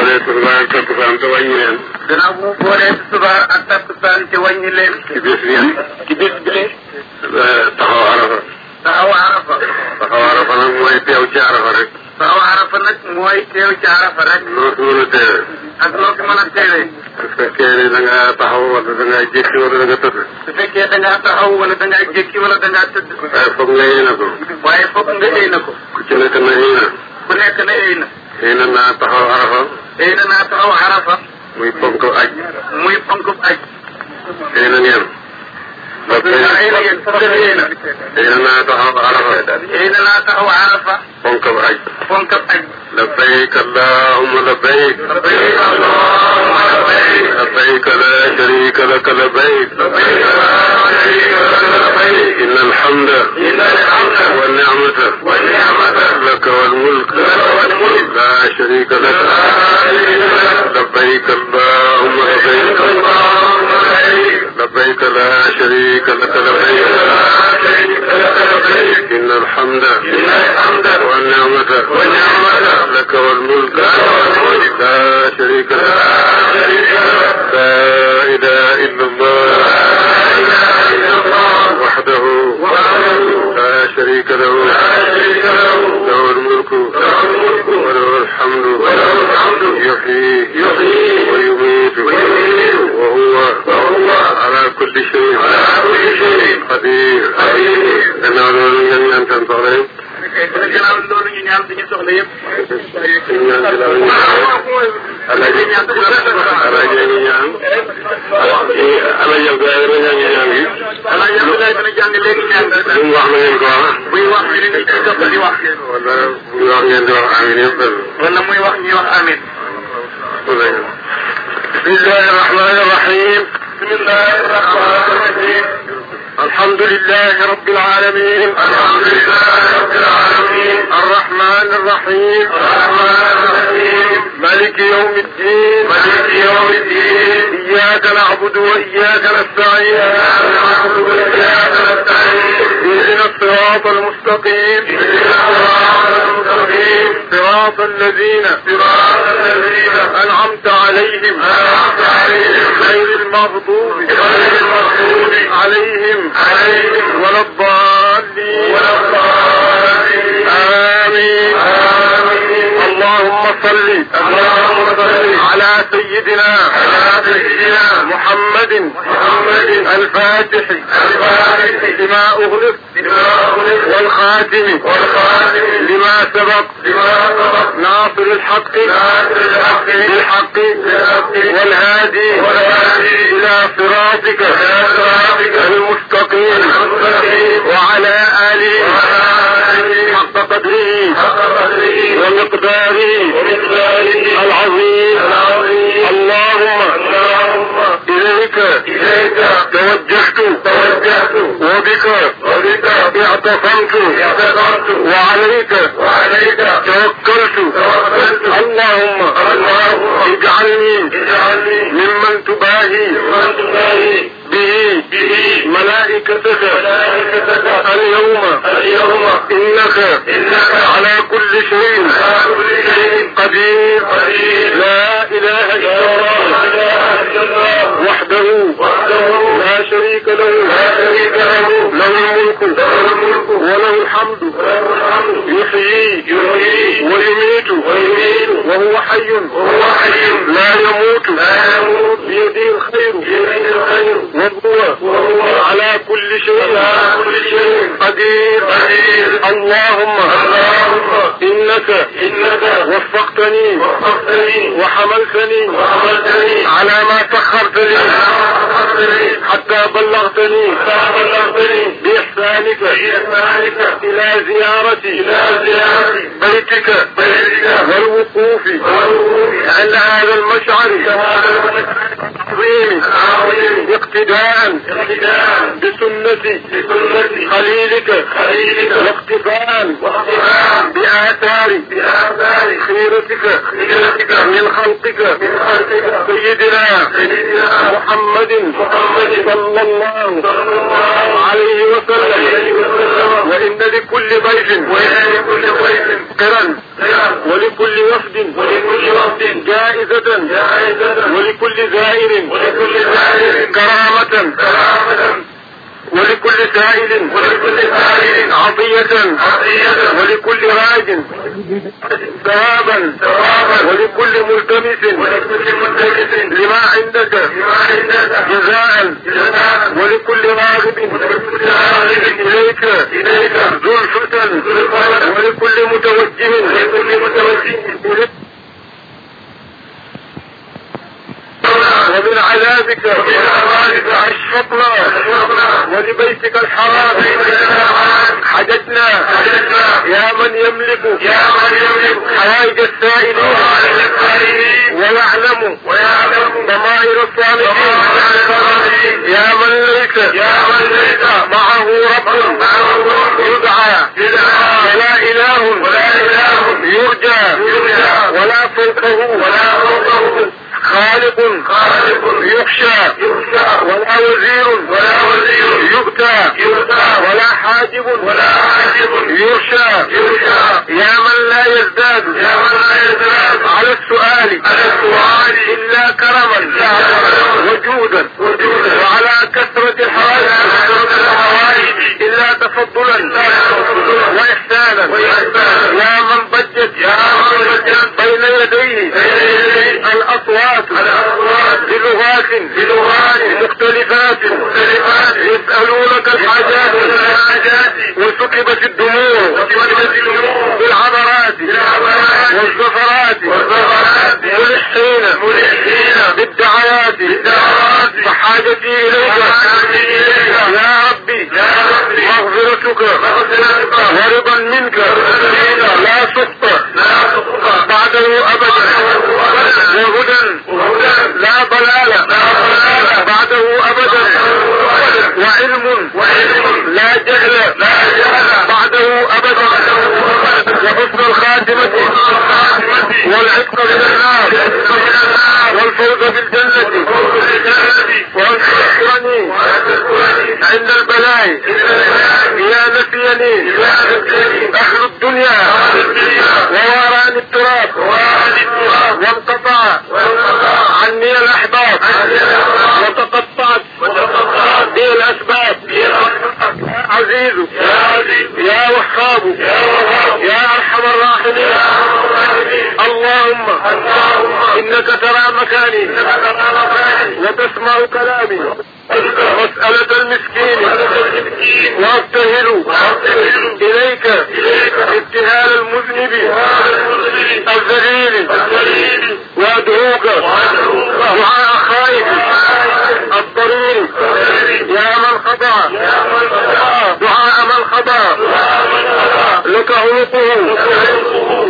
boolee tisbaar ak takkusaan te wàññi leen. gannaaw bu mu boolee tisbaar ak takkusaan te wàññi leen. ci bés bi ci bés bi de. taxaw arafa. taxaw arafa. taxaw arafa nag mooy teew ci arafa rek. taxaw arafa nag mooy teew ci arafa rek. noo si mën a teewee. ak noo si mën a teewee. su fekkee ne da ngaa taxaw wala da ngaa jékki wala da nga tëdd. su fekkee da ngaa taxaw wala da ngaa jékki wala da ngaa tëdd. waaye foog nga yéene ko. waaye foog nga yéene ko. ku ci nekk na yéene. ku nekk na yéene. xëy na naa taxaw arafa. xëy na naa taxaw arafa. muy ponk aj. muy ponk aj. xëy na ngeen. parce que xëy na ngeen xëy na. xëy na naa taxaw arafa. xëy na naa taxaw arafa. ponk aj. ponk aj. labbayk allahumma labbayk. labbayk allahumma labbayk. labbayk laa sharika laka labbayk. labbayk laa sharika إن الحمد والنعمة لك والملك لا شريك لك لبيك اللهم لبيك لبيك لا شريك لك لبيك إن الحمد والنعمة لك والملك لا شريك لك لا إله إلا الله وحده لا شريك له له الملك وله الحمد يحيي ويميت وهو على كل شيء قدير لنا أن تنصرف kon gannaaw loolu ñu ñaan suñu soxla yëpp. alaaji ñaan alaaji ñu ñaan. alaaji Abdoulaye rek la ñaan gi. alaaji Abdoulaye dana jàng léegi ñaan. lu mu wax la ngeen ko wax. buy wax ñu ne ñu ci topp di wax. wala muy wax ngeen di wax amin yëpp. wala muy wax ñuy wax amin. bismillahi rahmani rahim. bismillahi rahmani rahim. الحمد لله رب العالمين الحمد لله رب العالمين الرحمن الرحيم الرحمن الرحيم ملك يوم الدين ملك يوم الدين إياك نعبد وإياك نستعين إياك نعبد وإياك نستعين الصراط المستقيم صراط الذين صراط الذين أنعمت عليهم أنعمت عليهم غير المغضوب غير المغضوب عليهم عليهم ولا الضالين ولا الضالين اللهم صل اللهم صل على سيدنا على سيدنا محمد محمد الفاتح الفاتح لما أغلق لما أغلق والخاتم والخاتم لما سبق لما سبق ناصر الحق ناصر الحق بالحق والهادي والهادي إلى صراطك إلى صراطك المستقيم وعلى آله بدره ومقداره العظيم اللهم إليك إليك توجهت توجهت وبك وبك اعتصمت اعتصمت وعليك وعليك توكلت توكلت اللهم اللهم اجعلني اجعلني ممن تباهي ممن تباهي به به ملائكتك ملائكتك اليوم اليوم انك انك على كل شيء على كل شيء قدير قدير لا اله الا الله لا اله الا الله وحده لا شريك له له الملك وله الحمد يحيي ويميت وهو حي لا يموت كل شيء قدير اللهم إنك وفقتني وحملتني على ما سخرت لي حتى بلغتني بإحسانك إحسانك إحسانك إلى زيارة إلى زيارة بيتك بيتك والوقوف والوقوف عند هذا المشعر عظيم عظيم اقتداء اقتداء بسنة بسنة خليلك خليلك واقتفاء واقتفاء بآثار بآثار خيرتك خيرتك من خلقك من خلقك سيدنا سيدنا محمد محمد صلى الله عليه وسلم وإن لكل بيت قرا ولكل وفد جائزة ولكل زائر كرامة ولكل سائل ولكل سائل عطية عطية ولكل عاد ثوابا ثوابا ولكل ملتمس ولكل ملتمس لما عندك لما عندك جزاء جزاء ولكل راغب ولكل راغب إليك إليك زلفة ولكل متوجه ولكل متوجه ومن عذابك أشفقنا ولبيتك الحرام حجتنا يا من يملك حوائج السائلين ويعلم ضمائر الصالحين يا من ليس معه رب يدعى ولا إله يرجى ولا فوقه ولا خالق خالق يخشى يخشى ولا وزير ولا وزير يؤتى يؤتى ولا حاجب ولا حاجب يرشى يرشى يا من لا يزداد يا من لا يزداد على السؤال على السؤال إلا كرما وجودا وجودا وعلى كثرة الحوائج إلا تفضلا وإحسانا يا من بجت يا من بجت لديه الأصوات بلغات مختلفات يسألونك الحاجات وسكبت الدموع بالعبرات والزفرات ملحين بالدعوات فحاجتي إليك يا ربي مغفرتك ورضا منك لا سخط لا جهل بعده ابدا وحسن الخاتمة والعتق من النار والفوز في الجنة وأن تذكرني عند البلاء يا نفيني أهل الدنيا وواراني التراب وانقطع عني الأحباب عزيز يا عزيز يا وهاب يا وهاب يا ارحم الراحمين يا ارحم الراحمين اللهم انك ترى مكاني وتسمع كلامي مسألة المسكين وابتهل إليك ابتهال المذنب الذليل وأدعوك دعاء خائف الضرير يا من خضع لك عنقه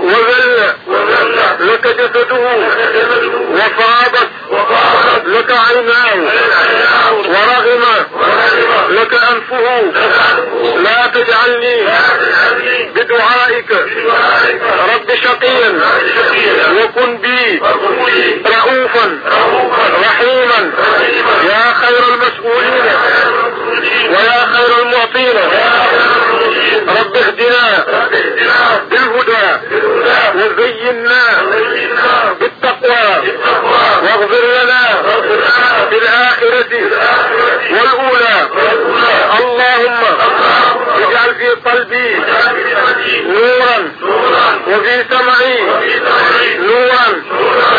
وذل لك جسده وفاضت لك عيناه ورغم لك أنفه لا تجعلني بدعائك رب شقيا وكن بي رؤوفا رحيما يا خير المسؤولين ويا خير المعطين رب اهدي بالهدى وزينا بالتقوى واغفر لنا في الآخرة والأولى اللهم اجعل في قلبي نورا وفي سمعي نورا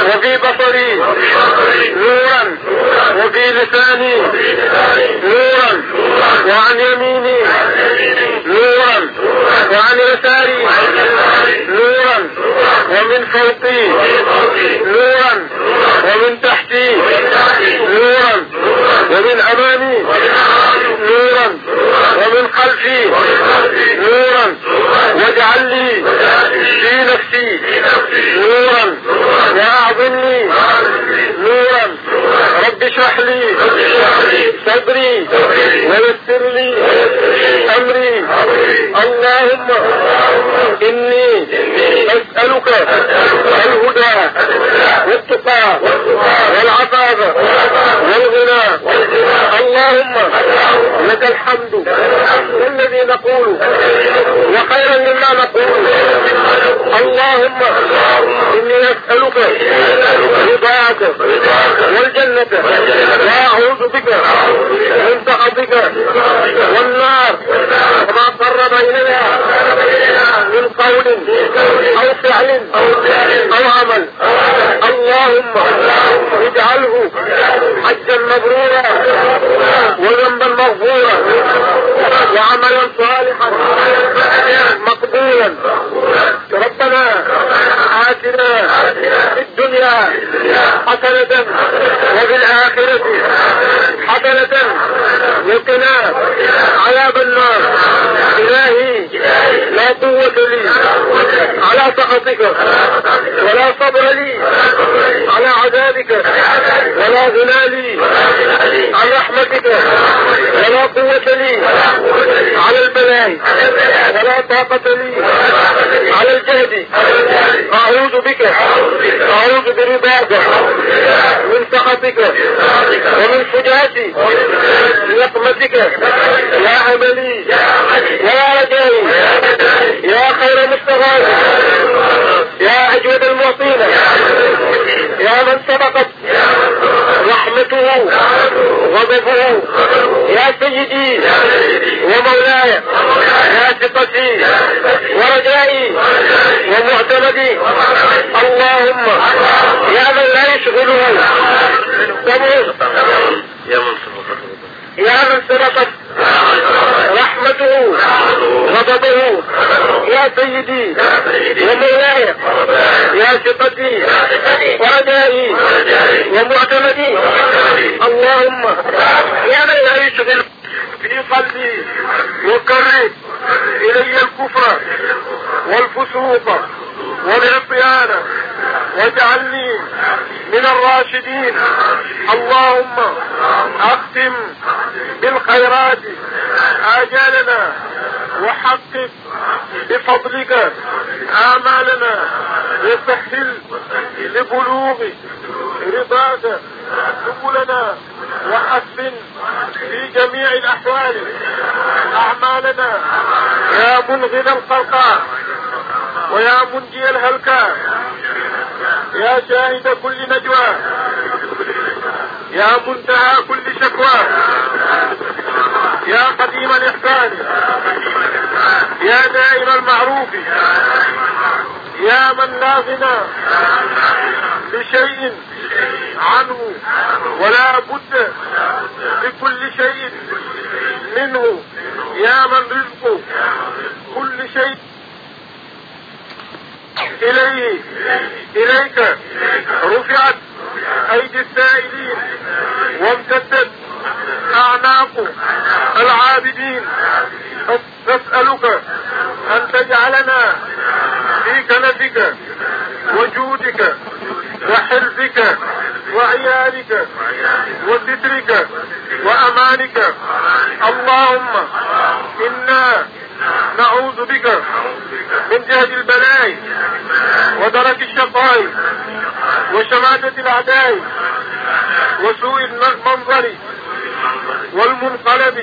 وفي بصري نورا وفي لساني نورا وعن يميني نورا وعن يساري نورا ومن فوقي نورا ومن تحتي نورا ومن أمامي نورا ومن خلفي نورا واجعل لي في نفسي نورا وأعظمني نورا رب اشرح لي صدري ويسر لي أمري اللهم إني أسألك الهدى والتقى ولك الحمد والذي نقول وخيرا مما نقول اللهم إني أسألك رضاك والجنة وأعوذ بك من سخطك والنار وما قرب إليها من قول أو فعل أو عمل اللهم اجعله حجا مبرورا وذنبا مغفورا وعملا صالحا مقبولا ربنا آتنا في الدنيا حسنة وفي الآخرة حسنة وقنا عذاب النار إلهي لا قوة لي على سخطك ولا صبر لي على عذابك ولا غنى لي عن رحمتك ولا قوة لي على البلاء ولا طاقة لي على الجهد أعوذ بك أعوذ برضاك من سخطك ومن فجاتي من رحمتك يا عملي يا رجائي يا خير المستغاث يا أجود المعطين يا من سبقت رحمته غضبه يا سيدي ومولاي يا ثقتي ورجائي ومعتمدي اللهم يا من لا يشغله يا من سبقت سيدي ومولاي يا ثقتي ورجائي ومعتمدي اللهم يا من لا يشغل في قلبي وكره الي الكفر والفسوق والعصيان واجعلني من الراشدين اللهم اختم بالخيرات اجالنا وحقق بفضلك اعمالنا وسهل لبلوغ رضاك سبلنا وحسن في جميع الاحوال اعمالنا يا منغنى الخلقاء ويا منجي الهلكاء يا شاهد كل نجوى يا منتهى كل شكوى يا قديم الإحسان يا دائر المعروف يا من لا غنى لشيء عنه ولا بد لكل شيء منه يا من رزقه كل شيء إليه إليك رفعت أيدي السائلين وامتدت أعناق العابدين نسألك أن تجعلنا في كنفك وجودك وحرزك وعيالك وسترك وأمانك اللهم إنا نعوذ بك من جهد البلاء ودرك الشقاء وشماتة الأعداء وسوء المنظر والمنقلب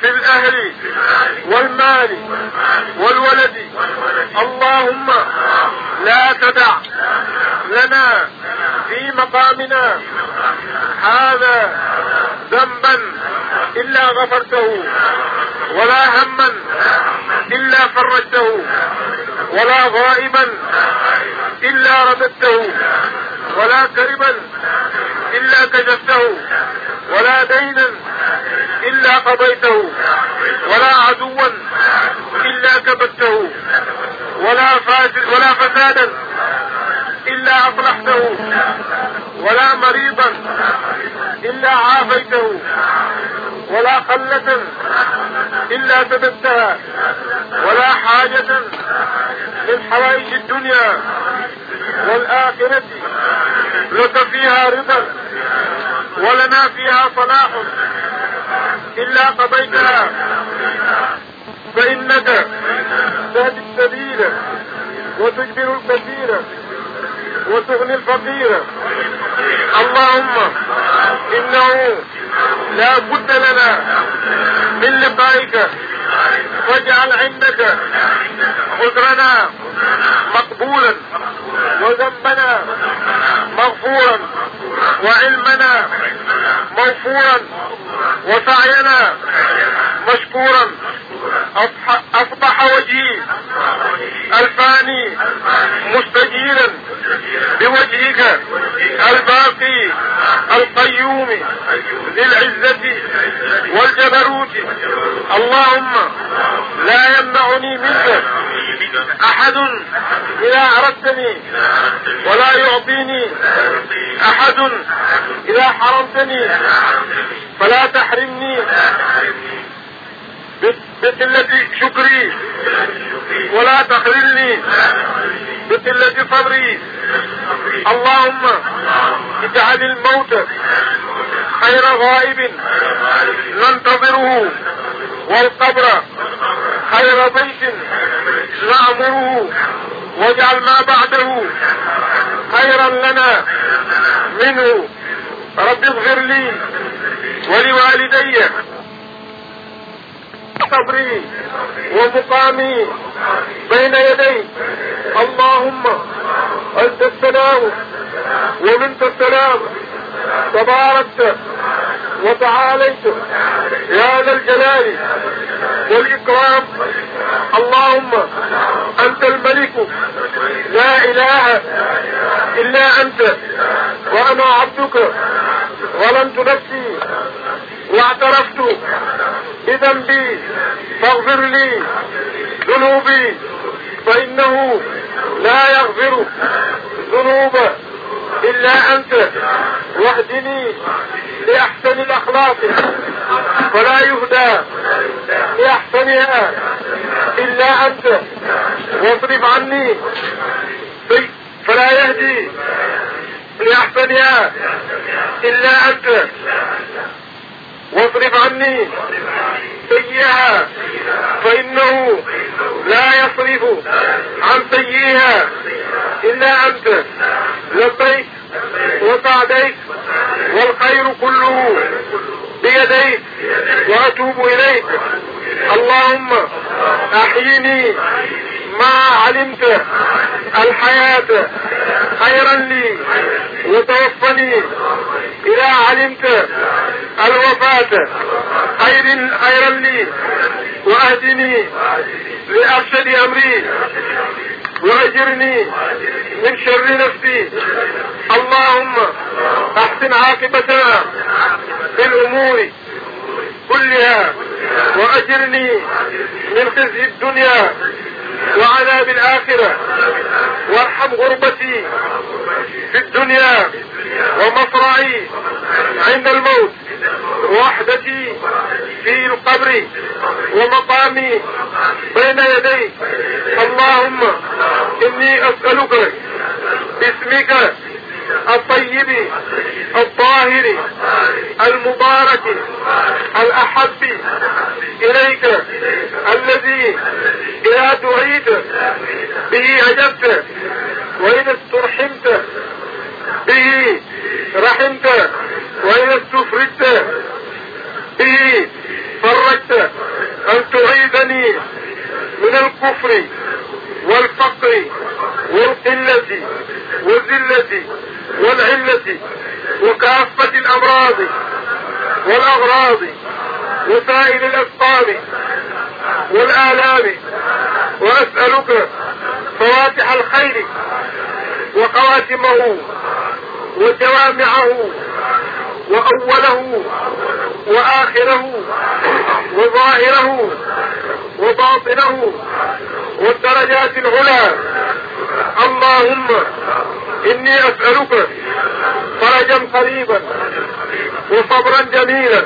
في الأهل والمال والولد اللهم لا تدع لنا في مقامنا هذا ذنبا إلا غفرته ولا هما إلا فرجته ولا غائبا إلا رددته ولا كربا إلا كشفته ولا دينا إلا قضيته ولا عدوا إلا كبته ولا فاجر ولا فسادا إلا أصلحته ولا مريضا إلا عافيته ولا قلة إلا سددتها ولا حاجة من حوائج الدنيا والآخرة لك فيها رضا ولنا فيها صلاح إلا قضيتها فإنك تهدي السبيل وتجبر الكثير وتغني الفقير اللهم إنه لا بد لنا من لقائك واجعل عندك عذرنا مقبولا وذنبنا مغفورا وعلمنا موفورا وسعينا مشكورا أصبح, أصبح وجهي الفاني مستجيلا بوجهك الباقي القيوم ذي العزة والجبروت اللهم لا يمنعني منك أحد إذا أردتني ولا يعطيني أحد إذا حرمتني فلا تحرمني بقلة شكري ولا تخذلني بقلة صبري اللهم اجعل الموت خير غائب ننتظره والقبر خير بيت نأمره واجعل ما بعده خيرا لنا منه رب اغفر لي ولوالدي صبري ومقامي بين يديك اللهم انت السلام ومنك السلام تباركت وتعاليت يا ذا الجلال والإكرام اللهم أنت الملك لا إله إلا أنت وأنا عبدك ظلمت نفسي واعترفت بذنبي فاغفر لي ذنوبي فإنه لا يغفر الذنوب إلا أنت واهدني لأحسن الأخلاق فلا يهدى لأحسنها إلا أنت واصرف عني فلا يهدي لأحسنها إلا أنت واصرف عني سيئها فإنه لا يصرف عن سيئها إلا أنت لبيك وسعديك والخير كله بيديك وأتوب إليك اللهم أحيني ما علمت الحياة خيرا لي وتوفني إذا علمت الوفاة خير خيرا لي وأهدني لأرشد أمري وأجرني من شر نفسي اللهم أحسن عاقبتنا في الأمور كلها وأجرني من خزي الدنيا وعذاب الآخرة وارحم غربتي في الدنيا ومصرعي عند الموت وحدتي في القبر ومقامي بين يديك اللهم إني أسألك باسمك الطيب الطاهر المبارك الأحب إليك الذي إذا دعيت به أجبت وإن استرحمت به رحمت وإذا استفردت به فرجت أن تعيدني من الكفر والفقر والقلة والذلة والعلة وكافة الأمراض والأغراض وسائل الأسقام والآلام وأسألك فواتح الخير وخواتمه وجوامعه وأوله وآخره وظاهره وباطنه والدرجات العلى اللهم إني أسألك فرجا قريبا وصبرا جميلا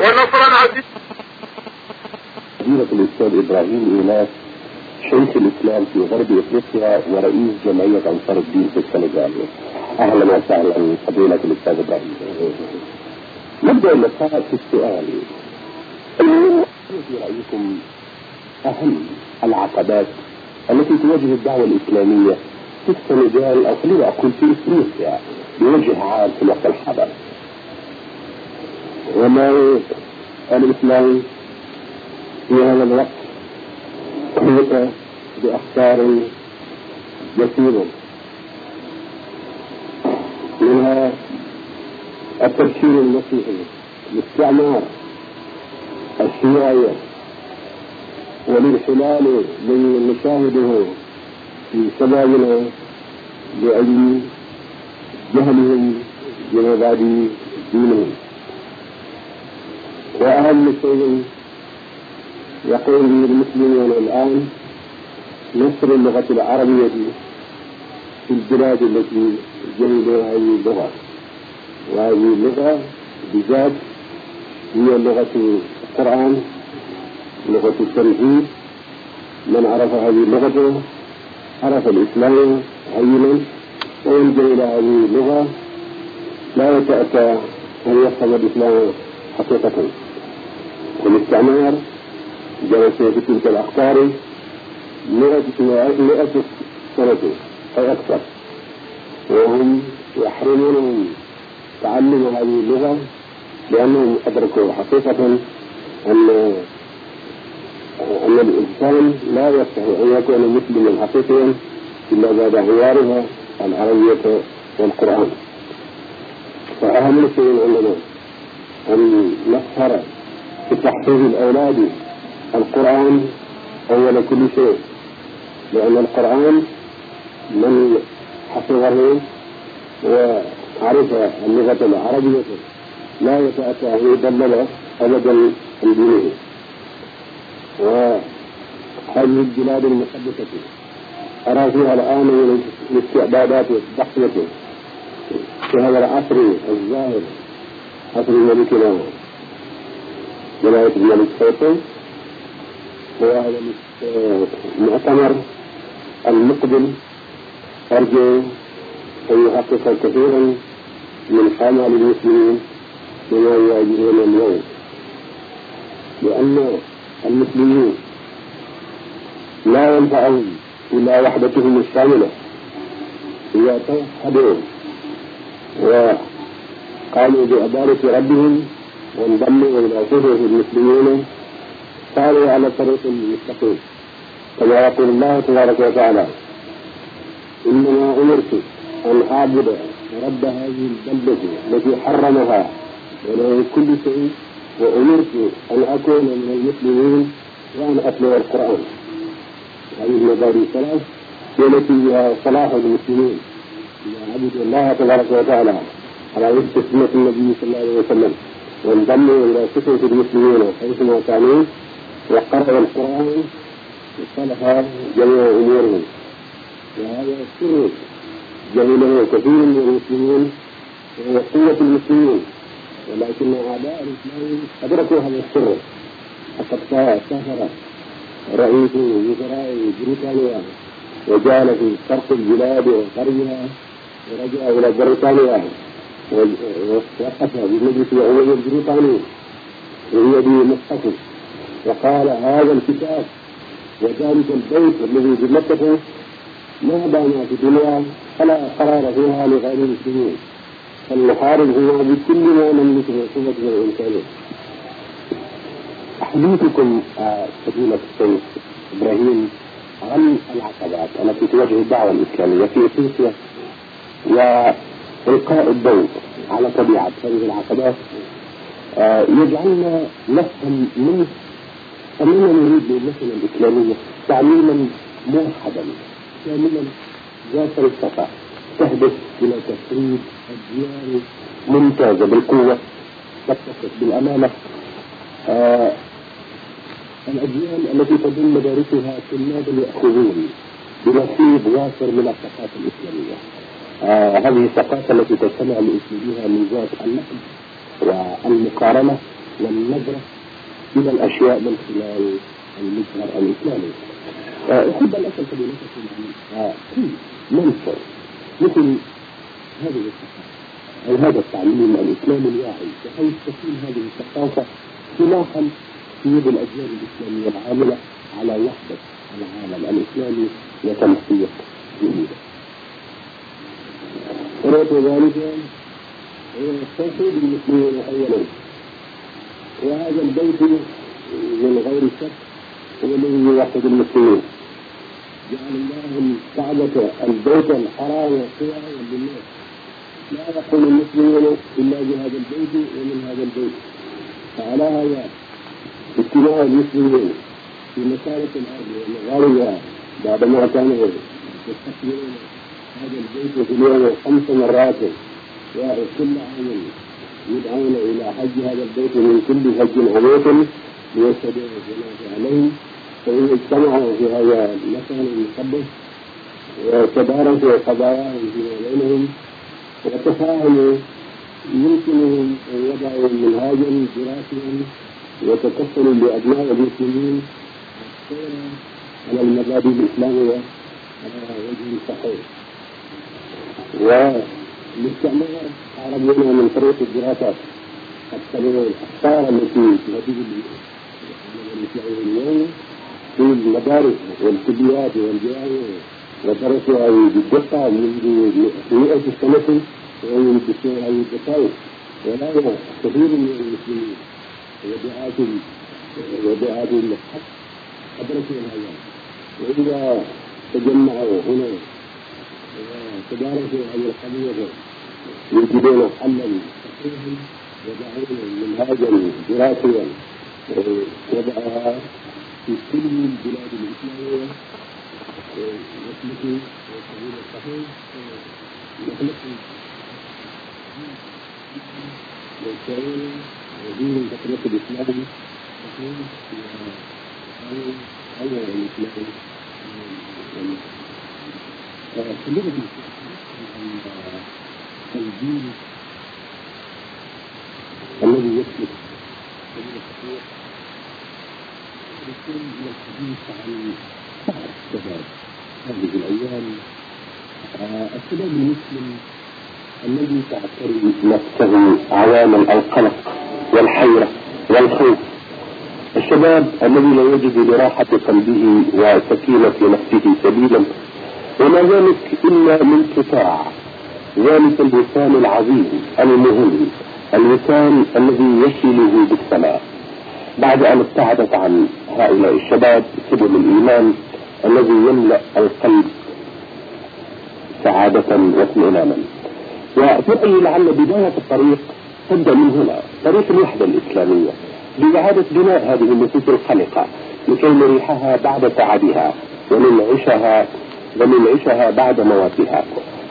ونصرا عزيزا. سيرة الأستاذ إبراهيم إيناس شمس الإسلام في غرب إفريقيا ورئيس جمعية أنصار الدين في السنغال أهلا وسهلا فضيلة الأستاذ إبراهيم نبدأ اللقاء في السؤال في رأيكم أهم العقبات التي تواجه الدعوة الإسلامية في السنغال أو خليني أقول في إفريقيا بوجه عام في الوقت الحاضر وما الإسلام في هذا الوقت يأتيك بأخبار يسيرة منها التفسير المسيحي للاستعمار الشيوعية والانحلال الذي نشاهده في شبابنا لأجل جهلهم بمبادئ دينهم وأهم شيء يقول للمسلمين الآن نشر اللغة العربية في البلاد التي جهلوا هذه اللغة وهذه اللغة بذات هي لغة القرآن لغة التنزيل من عرف هذه اللغة عرف الإسلام عينا ويلجأ إلى هذه اللغة لا يتأتى أن يفهم الإسلام حقيقة والاستعمار جلسوا في تلك الأقطار مئة مئة سنة أو أكثر وهم يحرمون تعلم هذه اللغة لأنهم أدركوا حقيقة أن أن الإنسان لا يستطيع أن يكون مسلما حقيقيا إلا بعد غيارها العربية والقرآن فأهم شيء عندنا أن نسهر في تحصيل الأولاد القرآن أول كل شيء لأن القرآن من حفظه وعرف اللغة العربية لا يتأتى يدلل أبدا عن دينه وهذه البلاد المقدسة أرى فيها الآن من الاستعدادات الضحية في هذا العصر الزاهر عصر ملكنا ولاية الملك فيصل وهذا المؤتمر المقبل أرجو أن يحقق كثيرا من حمل المسلمين بما يواجهون اليوم لأن المسلمين لا ينفعهم إلا وحدتهم الشاملة إذا توحدوا وقاموا بعبادة ربهم وانضموا إلى صفوف المسلمين كانوا على طريق مستقيم كما يقول الله تبارك وتعالى إنما أمرت أن أعبد رب هذه البلدة التي حرمها وله كل شيء وأمرت أن أكون من المسلمين وأن أتلو القرآن هذه المبادئ الثلاث هي التي فيها صلاح المسلمين إذا عبدوا الله تبارك وتعالى على وفق سنة النبي صلى الله عليه وسلم وانضموا إلى سفن المسلمين حيثما كانوا وقرأوا القرآن وقال هذا جميع أمورهم وهذا سر جهله كثير من المسلمين وهو قوة المسلمين ولكن أعداء الإسلام أدركوا هذا السر فقد سهر رئيس وزراء بريطانيا وجعل في شرق البلاد وقربها ورجع إلى بريطانيا ووقف بمجلس عمومي البريطاني وهي بمصحف وقال هذا الكتاب وذلك البيت الذي بمكة ما دانا في الدنيا فلا قرار فيها لغير المسلمين فالمحارب هو بكل ما نملكه قوة وإمكانه تحديثكم فضيلة الشيخ إبراهيم عن العقبات التي تواجه الدعوة الإسلامية في إثيوبيا وإلقاء الضوء على طبيعة هذه العقبات يجعلنا نفهم من فمن نريد للمثل الإسلامية تعليما موحدا كاملا ذات الصفاء تهدف إلى تفريد أجيال ممتازة بالقوة تتصف بالأمانة آه الأجيال التي تضم مدارسها طلاب يأخذون بنصيب وافر من الثقافة الإسلامية آه هذه الثقافة التي تجتمع لأسلوبها ميزات النقد والمقارنة والنظرة إلى الأشياء من خلال المجهر الإسلامي أحب أن أسأل فضيلتكم عن كيف ننشر مثل هذه الثقافة أو هذا التعليم الإسلامي الواعي بحيث تكون هذه الثقافة سلاحا في يد الأجيال الإسلامية العاملة على وحدة العالم الإسلامي وتنسيق جديدة. ورد ذلك هو التوحيد المسلمين أولا وهذا البيت من غير شك هو الذي يوحد المسلمين جعل الله الكعبة البيت الحرام والصيام للناس لا يقوم المسلمون إلا بهذا البيت ومن هذا البيت فعلى هذا اجتماع المسلمين في مسارة الأرض ومغاربها بعدما كانوا يستقبلون هذا البيت في اليوم خمس مرات وكل عام يدعون إلى حج هذا البيت من كل حج عميق ليستدعوا الناس عليه فإن اجتمعوا في هذا المكان المقدس وتدارسوا قضاياهم فيما بينهم وتفاهموا يمكنهم أن يضعوا منهاجا دراسيا وتكفلوا لأبناء المسلمين على المبادئ الإسلامية على وجه صحيح. مستعمرة عربية من طريق الدراسات السنوية الأخطار التي نتيجة اليوم في المدارس والكليات والجامعة ودرسها بدقة منذ مئة سنة ومن دقائق ولا كثير من المسلمين ودعاة ودعاة الحق أدركوا الأيام وإذا تجمعوا هنا تبارك القدير يجبون محمد وجعلنا منهاجا دراسيا وضعها في كل البلاد الاسلاميه واسمه والسبيل الصحيح يخلقه والكريم ودين تخلق الاسلام تكون في اول الاسلام الدين الذي يثبت يكون من الحديث عن بعض الشباب هذه الايام الشباب المسلم الذي تعتري نفسه عوامل القلق والحيره والخوف الشباب الذي لا يجد لراحه قلبه وسكينه نفسه سبيلا وما ذلك إلا من قطاع ذلك اللسان العظيم المهم اللسان الذي يشيله بالسماء بعد أن ابتعدت عن هؤلاء الشباب سبل الإيمان الذي يملأ القلب سعادة واطمئنانا وتقي لعل بداية الطريق تبدأ من هنا طريق الوحدة الإسلامية بإعادة بناء هذه النفوس القلقة لكي نريحها بعد تعبها وننعشها ومن عيشها بعد مواتها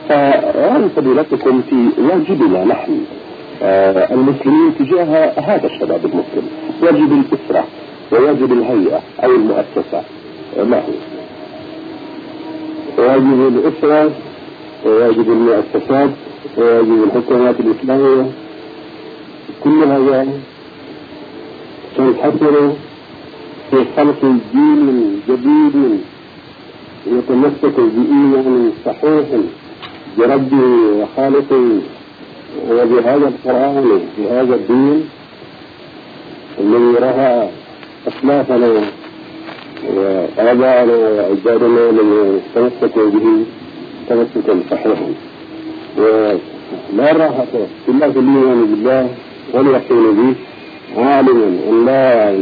فهل فضيلتكم في واجبنا نحن المسلمين تجاه هذا الشباب المسلم واجب الأسرة وواجب الهيئة أو المؤسسة ما هو؟ واجب الأسرة وواجب المؤسسات وواجب الحكومات الإسلامية كل هذا تنحصر في خلق الدين الجديد يتمسك بإيمان صحيح بربه وخالقه وبهذا القرآن بهذا الدين الذي رأى أسلافنا وآباءنا وأجدادنا من تمسكوا به تمسكا صحيحا ولا راحة إلا في الإيمان بالله واليقين به عالما أن لا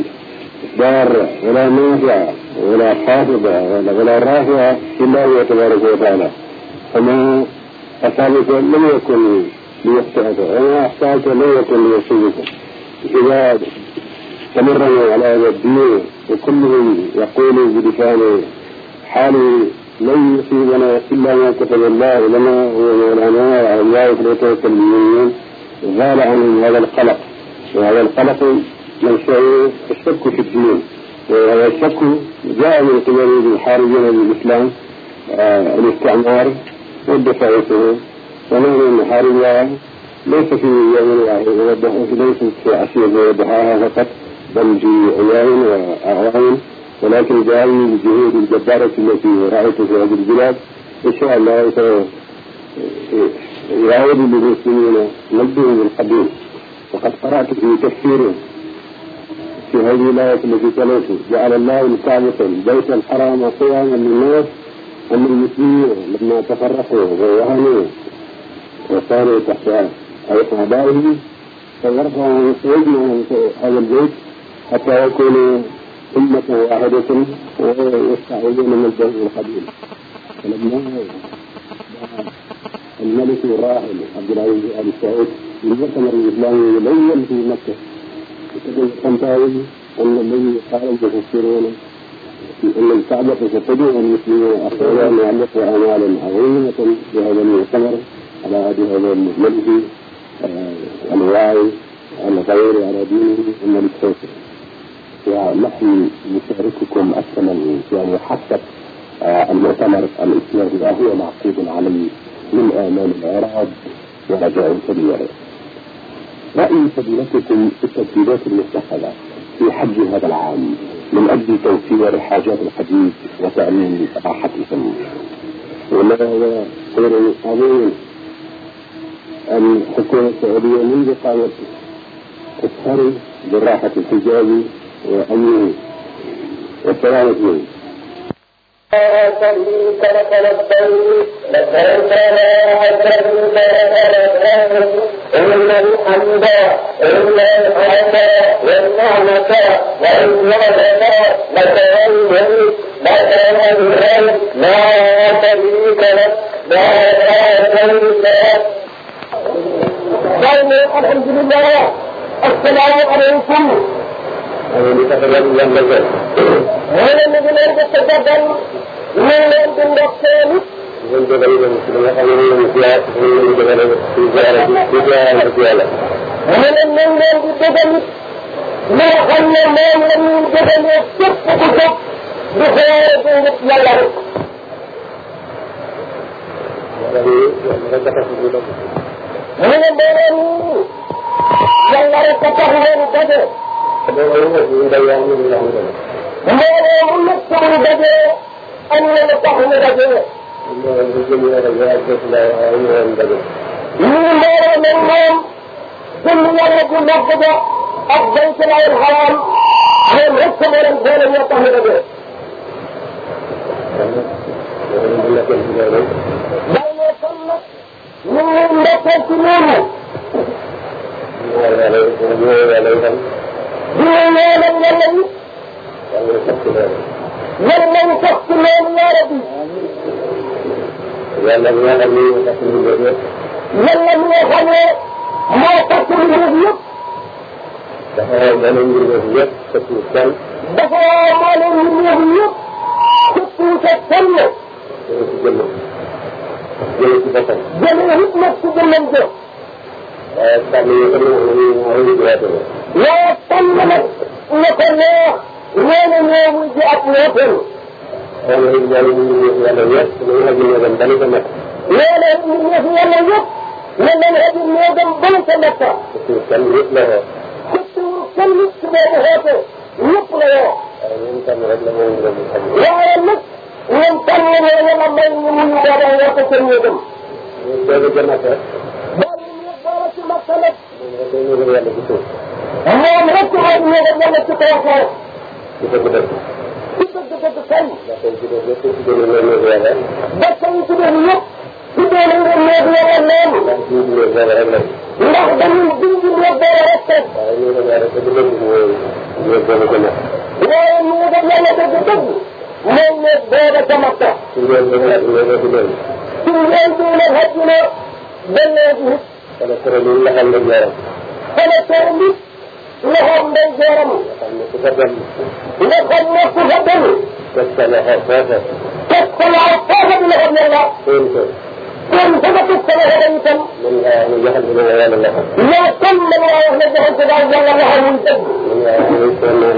ضار ولا نافع ولا خافضة ولا, ولا رافعة إلا هو تبارك وتعالى فما أصابك لم يكن ليخطئك وما أخطأك لم يكن ليصيبك إذا استمرنا على هذا الدين وكلهم يقول بلسانه حالي لن يصيبنا إلا ما كتب الله لنا ومولانا وعلى الله فليتوكل المؤمنون زال عنهم هذا القلق وهذا القلق من شيء الشك في الدين والشك جاء من قبل الحاربين للإسلام الاستعمار والدفاعته ونحن المحارب ليس في يوم واحد ليس في عشية وضحاها فقط بل في أيام وأعوام ولكن بهذه الجهود الجبارة التي رأيت في هذه البلاد إن شاء الله سيعود للمسلمين نبه بالقديم وقد قرأت في تفسيره في هذه الآية التي تلوتي جعل الله الكعبة البيت الحرام قياما للناس أما المسلمين لما تفرقوا ووهنوا وصاروا تحت أي أعدائهم فيرفع سيدنا هذا البيت حتى يكونوا أمة واحدة ويستعيذون من الجهل القديم فلما الملك الراحل عبد العزيز آل سعود المؤتمر الإسلامي يبين في مكة cikin kantawoyi wanda mun fara da tafsirin أن الكعبة تتجه المسلمين أخيرا يعلق أعمالا عظيمة بهذا المؤتمر على هذه العلوم مهمته الوعي على غير على دينه من الكوثر ونحن نشارككم أصلا يعني حتى المؤتمر الإسلامي هو معقود عليه من آمال الإعراب ورجاء كبير رأي فضيلتكم في التدبيرات المتخذة في حج هذا العام من أجل توفير حاجات الحديث وتأمين راحتهم وما هو خير قانون أن الحكومة السعودية منذ قامت تسهر بالراحة الحجاج وأمنه وسلامته شريك لك لبيك لبيك لا شريك لك لبيك إن الحمد إن الحمد والنعمة والنعمة لك والملك لك الغيب لا شريك لك لا شريك لك دائما الحمد لله السلام عليكم li tax a yàlla yàlla yàlla. moo leen di leen def sa gàttal. ñu leen di ndox seen it. ñu ngi leen di ci li nga xam ne moom lañ ziar ñu ngi leen di ci ziara ci ziara ci yàlla. moo leen ñu leen di dëgal it. loo xam ne moom la ñuy dëgalee képp ku jóg. di xoolee ba yëpp yàlla rek. mu ne moo leen yàlla rek a tax ngeen daje. mbooloo mu nekk mu daje am na lu tax mu daje. ñu mbooloo mel noonu jënd yàlla gu màgg ba ak baytul xaraam ñoom rek sa borom boole ñoo tax mu daje. bàyyi ne kon nag ñu ngi ndokkeel ci noonu. dina ñaanal yàlla yi. yàlla yu sax ci loolu ñaara bi. yàlla ñaanal yi ñu sax ci lu bëri yëpp. yàlla mi nga xam ne moo sax ci lu bëri yëpp. dafa mën a mbir bëri yëpp sa suuf sel. dafa mën a mbir bëri yëpp sa suuf sel la. jëlee ci boppam. jëlee it nag ci jëmmam jëf. sàmm yi tamit mooy li gën a tënk. waaw sàmm nag na ko neex ñoo ne ñoo muy ji ak ñoo tënk. waaw yooyu ñaari ñu ngi yàlla yëpp ñu ngi rajo ñoo dem ba lu ko nekk. ñoo ne ñu ngi yàlla yëpp ñu ngi rajo ñoo dem ba lu ko nekk. surtout sàmm yëpp la woo. surtout sàmm yëpp su boobu xoote yëpp la woo. waaw ñun sàmm rek la mooy ñu doon sàmm. waaye nag ñun sàmm yooyu la may ñu ñu doon woote seen ñu dem. ñu doon gën a salat moom rek a néegal yàlla ci kaw kaw ci dëgg dëgg ci dëgg dëgg kañ bakkan yi ci doon yëpp ci doon nga néeg yàlla noonu ndax dañuy dindi néeg boobu rek rek waaye néegal yàlla dëgg dëgg mooy néeg boobu ca Makka ci ngeen dina hajjuna benn nit wala tëralul loxoom ndey jooram. wala tëralul loxoom ndey jooram. nga xam ne ku fa dem. teg sa loxo foofa. teg sa loxo foofa bi loxoom yàlla. seen ko. kon fa nga teg sa loxo dem itam. mën ngaa wax ne joxal bi nga yàlla loxo. mais comme mën ngaa wax ne joxal bi daal yàlla loxo muy teg. mën ngaa wax ne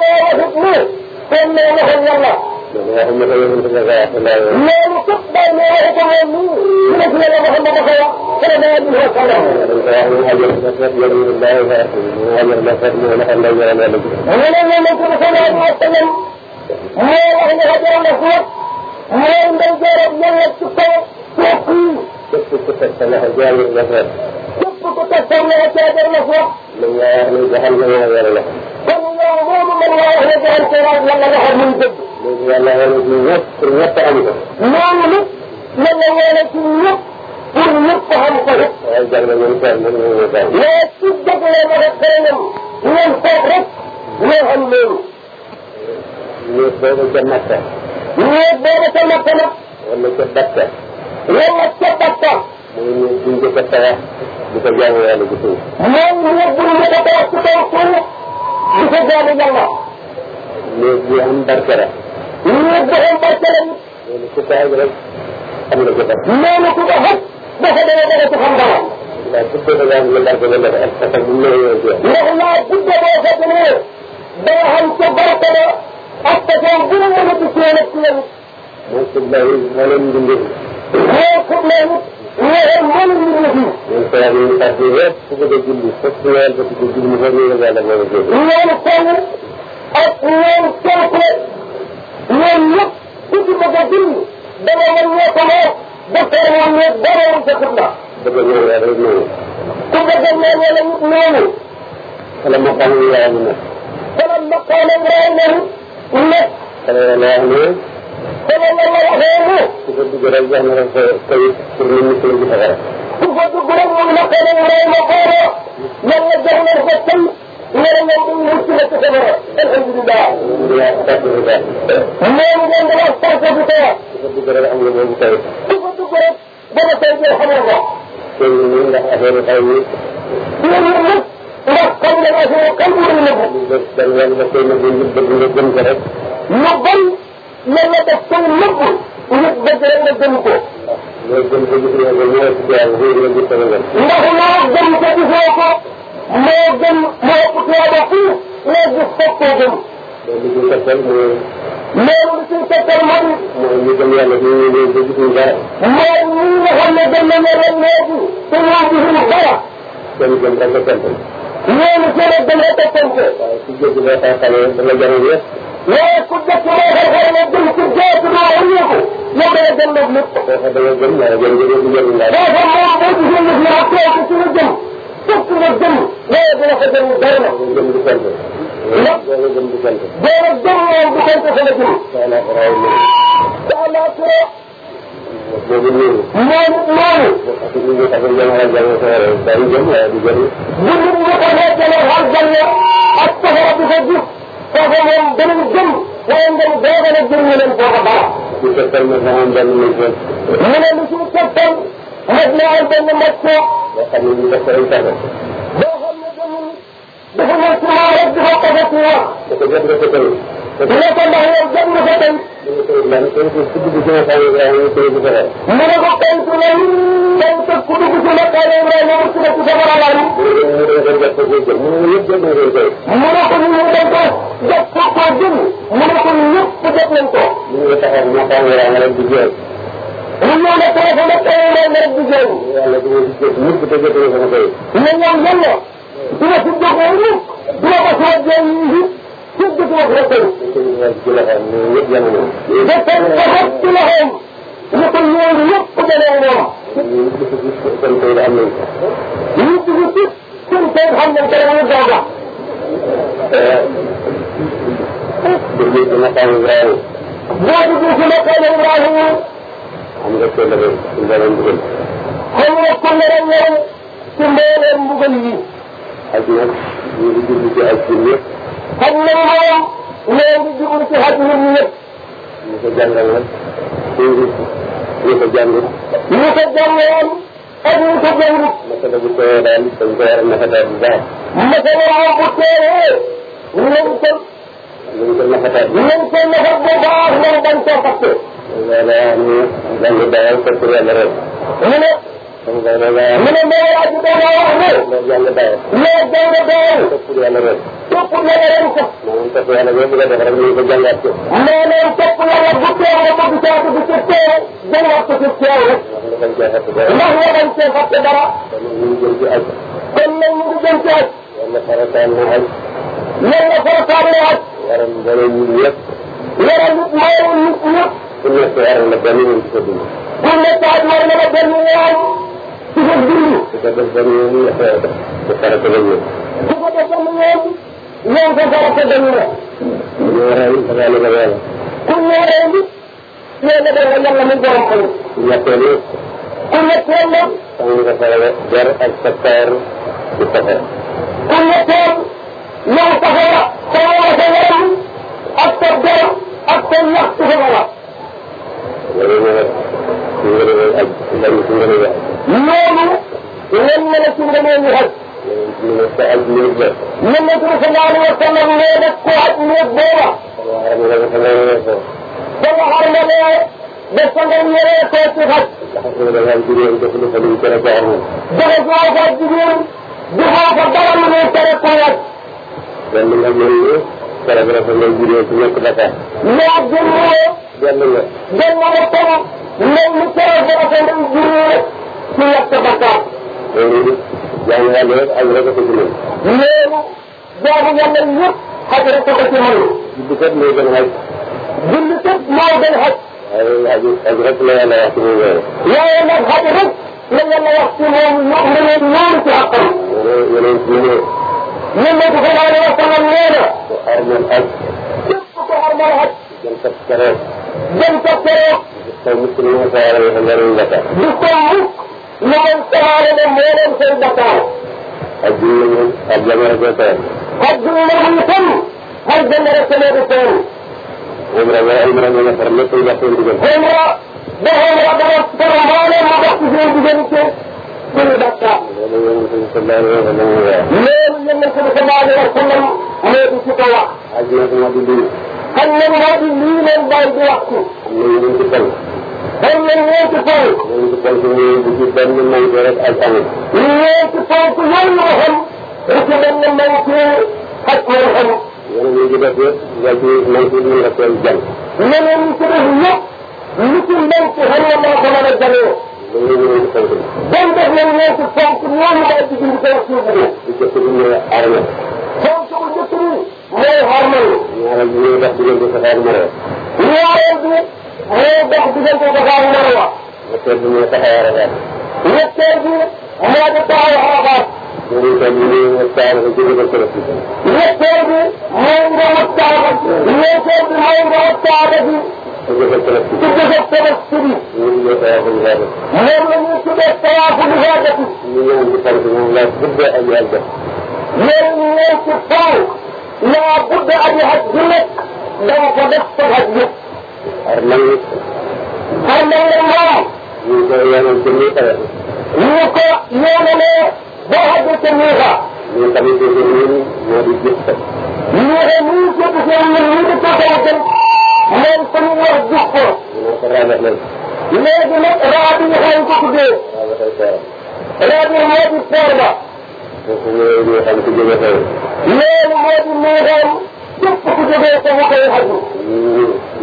seen loxo doon. mën ngaa wax ne seen loxo yàlla. loolu wax nga ko yëngu nga ko wax ndaw yi. loolu képp daal moo wax ko moom nii. su ma suñu la wax nga ko wax. dana dana dina ko wax. dañ ko wax ñu xajal ko yëngu ñu bàyyi ko ñu xajal ma fekk ñu ne xam ndaw ñu ne la gis. mu ne ma ma suñu xanaa ñu wax tamit. moo wax nga xajal na ko. moo ndaw jërëjëf yàlla ci kaw. képp ku teg sa loxo jaamu nga xool. képp ku teg sa loxo caajar nga xool. mën ngaa wax ni jaxal na nga yore loxo. kon yow moomu mën ngaa wax ne jaxal sa loxo la nga loxo muy dëgg. léegi yàlla wane ci ñëpp pour ñëpp am ko. noonu nag yàlla wane ci ñëpp pour ñëpp xam ko rek. waaye jar na ñun tool ñun ñu ngi tool. mais su dëglee ma def xeeñam ñoom toog rek ñoo xam loolu. ñëpp boobu ca Makka. ñëpp boobu ca Makka nag. wala ca Bakka. wala ca boppam. mooy ñoom buñ ko ko tawax di ko jaamu yàlla bu suuf. moom ñoom buñ ko ko tawax ci kaw suuf di ko jaamu yàlla. néeg bi am barke la. néeg bi am barke la. loolu ku ko xaj rek am na ko def. loolu ku ko xaj dafa dana dana ci xam dara. waaw bu dee da ngaa am lu barke la ndax ak parce que bu ñu la yëngu yow. ndax laa budde boo ko jëlee da nga xam ca barke la ak parce que bu ñu mën a tukkee nag ci yéen. mooy ci mbay moo leen dundee. kooku moom ñëwee mënu ñu ñu fi. ñun xëy na ñun sax bi yëpp su ko dee julli fokk ñëwal ba su ko julli ba ñu yàlla mën a jël. ñoom kooku ak ñoom kooku ñoom ñëpp ku ci bëgg a julli dana mën ñoo ko moo docteur moom ñëpp dara mu sa xutba. bëgg a ñëw yàlla rek noonu. ku bëgg a ñëw yàlla nit noonu. xale ma xam ne yaa ngi nekk. xale ma xam ne yaa ngi nekk. nekk. xale yaa ngi nekk. te loolu la waxee mu. ku ko dugg rek jox na la sa kay pour nit ñi suñu gis a xaral. ku ko dugg rek moom na ko ne mooy ma booroo. ñoom la jox na ko tey ñoom la ñu mucc na ci sa borom. alhamdulilah. alhamdulilah sant bi baax. moom ngeen dama sant bi tey. ku ko dugg rek am na loolu tey. ku ko dugg rek dama tey jël xamal ko. tey ñun ndax affaire yi xaw yi. ñun ñun nag ndax xam nga affaire yi kan mu mën a nëbbu. dañ leen ba tey nag ñu bëgg nga gën ko rek. ma bañ. mën na def koy nëbb nit dëgg rek nga gëm ko. loolu gëm ko gis nga ko ñëw ci jaar réer la gis nga gëm. ndax loo gëm ko gisoo ko moo gëm moo ëpp tuyaaba fii loo gis foog koo gëm. loolu li ñu tegtal mooy. loolu li ñu tegtal mooy. mooy ñu gëm yàlla fi ñu ñëw ba gisuñ dara. mooy ñi nga xam ne gëm nañu rek léegi te ñoo gisuñ dara. seen gëm rek la tegtal. loolu seen gëm rek la tegtal. waaw si jéggi boo xamee dana jaral yëpp. mais ku dëkk moo koy xëy na jëm ci gerte moo koy yëngu ñoom day dem nag lépp. boo ko demee jëm naa jëm jëm jëm jëm naa. boo ko moom boo ko jëm naa toog ci la jëm. fekk nga jëm. mais dina ko jëm dara na. jëm di sant. lépp doo ko jëm di sant. doo ko jëm loolu di sant sa la jëm. daanaka raw na. daanaka. boobu noonu. noonu noonu. parce que ñu ngi tax a jëm xel jàng sa bari jëm waaye du jëm. bu ñu ko xoolee jëlee xel jàng ak taxaw bi ko gis. a moom gënuñu jëm waaye ngeen doogale jëm ñu leen kooku dara. su fekkee ne sama mbéy mi ngi koy. mu ne lu suñu fekkee mos naa am benn mos ko. yoo xam ne ñu def ko ay tàggat. boo xam ne dañuy dafa nekk maa rek di ko tàggat ñu wax. parce que nga ko tënk. ne ko ndax yow jot nga ko tey. mu ne ko penku leen penk ku dugg ci makkaane Ibrahima mu tudd ci sama rawaal yi. mu ne ko ñun dañ ko jot ko koo jënd mu ne ko ñëpp jot nañ ko. mu ne ko makkaane Ibrahima rek di jeex. mu ñëw ne ko dafa makkaane Ibrahima rek di jeex. yàlla dina ci jot ñëpp te jot nañ ko tey. mais ñoom yàlla dina ci jox wala dina ko soo jënd يدفعهم ففتحت لهم يقولون يقبل الله يدفع كنت يفهم من كلام الجامعة بالبيت مقام إبراهيم وجدوا في مقام إبراهيم عمرك كل من كل من عمرك كل من كل من مغلي أجنب يريد بك أجنب xam na moom leen di jublu ci xaj ñun ñëpp. ñu ko jàngaloon. ñu ko jàngut. ñu ko jàngaloon ak ñu ko jàngut. masala bu tooyee daal dañ ko war a nafataat bu baax. masala moom bu tooyee. ñu leen ko. ñu ko nafataat. ñu leen ko nafat bu baax loolu dañ koo fàtte. loolu daal ñu jàng daal fekk yàlla rek. ñu ne. mu ne Mawal ak Mawal wax ne. loolu yàlla bàyyi. loolu benn benn. topp yàlla rek. topp yàlla rek ko. maanaam topp yàlla rek bu la def rek ñu ko jàngat ko. maanaam topp yàlla bu teew rek bëgg saa ko ci teew. jàngat ko ci teew rek. ndax nga bañ cee fàtte dara. kon nag ñu ngi jëm ci aj. kon nag ñu ngi jëm ci aj. yàlla farataan na aj. yàlla farataan na aj. waral mbooloo nit ñëpp. waral mbooloo nit ñëpp. ku nekk war na benn nit sa dund. ku nekk war na benn nit suba dund. suba def ba mu yomb yàq yàq. bu farata ba ñëw. suba def ba mu yomb. ñëw ko farata ba ñëw. ñoo rey dafa lu ko yàlla. ku ñoo rey bi. ñoo ne da nga yàlla mu borom xol. ñetteel yi. ku ñetteel nag. xam nga dafa la jar ak sa taar di taxaw. ku ñetteel. ñoo taxaw sa wala sa yaram ak sa der ak sa ñax su ko la. loolu mooy. loolu. lan la la ci ngëneelu xaj. lan la ci sallallahu alayhi wa sallam nee na ko aj néeg booba. sama xar nga nee def ko nga ñëree ko ci xaj. dafa xaar ko ak jigéen di xaar ko dara mu ne tere ko aj. benn nga jëlee. benn nga. benn nga loolu keroog ba ko doon juree ci yàq sa bakkaar. loolu jaamu yàlla rek ak rek a ko juree. loolu jaamu yàlla yëpp xaj rek a ko ci mën. julli kat mooy gën xaj. julli kat mooy gën xaj. waaye xaj rek la yàlla wax ci moom loolu. waaye nag xaj rek la yàlla wax ci moom ndax nga ne loolu ci xaqam. yéen a yéen a yéen a. ñun nag dafa daal di wax sama loolu. ku xarmal xaj. képp ku xarmal xaj. jëm sa keroog. jëm sa keroog. tey monsieur le maire saa yàlla nga leen bakkaar. du ko mukk lu leen saxaare ne moo leen seen bakkaar. ak bi ñu ak jamono joo teel. ak bi ñu waxul itam ak jamono sëlee du teel. moom la wala ay maanaam nga xam lépp lu baax seen diggante. moom la dafa war a dara dara mbooleem mu baax ci seen diggante suñu bakkaar. loolu yëngu suñu soldaar yi nga xam ne loolu yëngu suñu soldaar yi nga xam ne moo di ci ko wax. ak yëngu ma di lii. xam nañ moo di lii leen bàyyi di wax ci. am na ñu ci toll. dañ leen ñeenti ponk. ñeenti ponk yooyu bu ci benn mayte rek ak amul. ñeenti ponk yooyu nga xam. bu ci benn mayte ak mooy xam. yeneen yi ci def yëpp nga ci mayte bi nga koy jàng. yeneen yi ci def yëpp lu ci mayte xam nga moo ko mën a jàlloo. loolu la ñuy ponk bi. dañ def leen ñeenti ponk ñooñu maa ci bind kaw suuf bi. bu jëkk bi ñëwee arme. ponk bu jëkk bi mooy xarmal. ñaareel bi ñuy dox diggante sa xaar mara. ñaareel bi. moo dox diggante Safa ak Marwa. ñetteel bi mooy taxaw Arafat. ñetteel bi moo di taxaw Arafat. ñetteel bi mooy nga taxaw nga jóge ba kër si. ñetteel bi mooy nga wax taxaw. ñetteel bi mooy nga wax taxaw bi. su jëfee kër si. su jëfee kër si bi. ñun ñoo taxaw ñu xaar. moom la ñuy tuddee taxaw bu ñu xaar dëkk. ñu ñëw ci par moom laa guddee ak yàlla def. ñoom ñoo ci taw laa guddee ak yàlla def. dama ko def sa xaj yëpp. xar mel ni. xar mel ni moom. ñu ngi koy yéene jëndi xeer. ñu ko yéenelee boo xamante ni ñuy xaar. ñun tamit ñu ngi leen di ñoo di gis. ñu ne ñu ngi jot seen ñun ñu ngi toog a jëm. moom tamit wax gis ko. ñu ko raabat nañ. léegi nag raab yi xam ko tuddee. raab yi moo di peer ba. kooku ñooy ñu xam ku jógee xew. loolu moo di ñu xam képp ku jógee sa waxee xaju.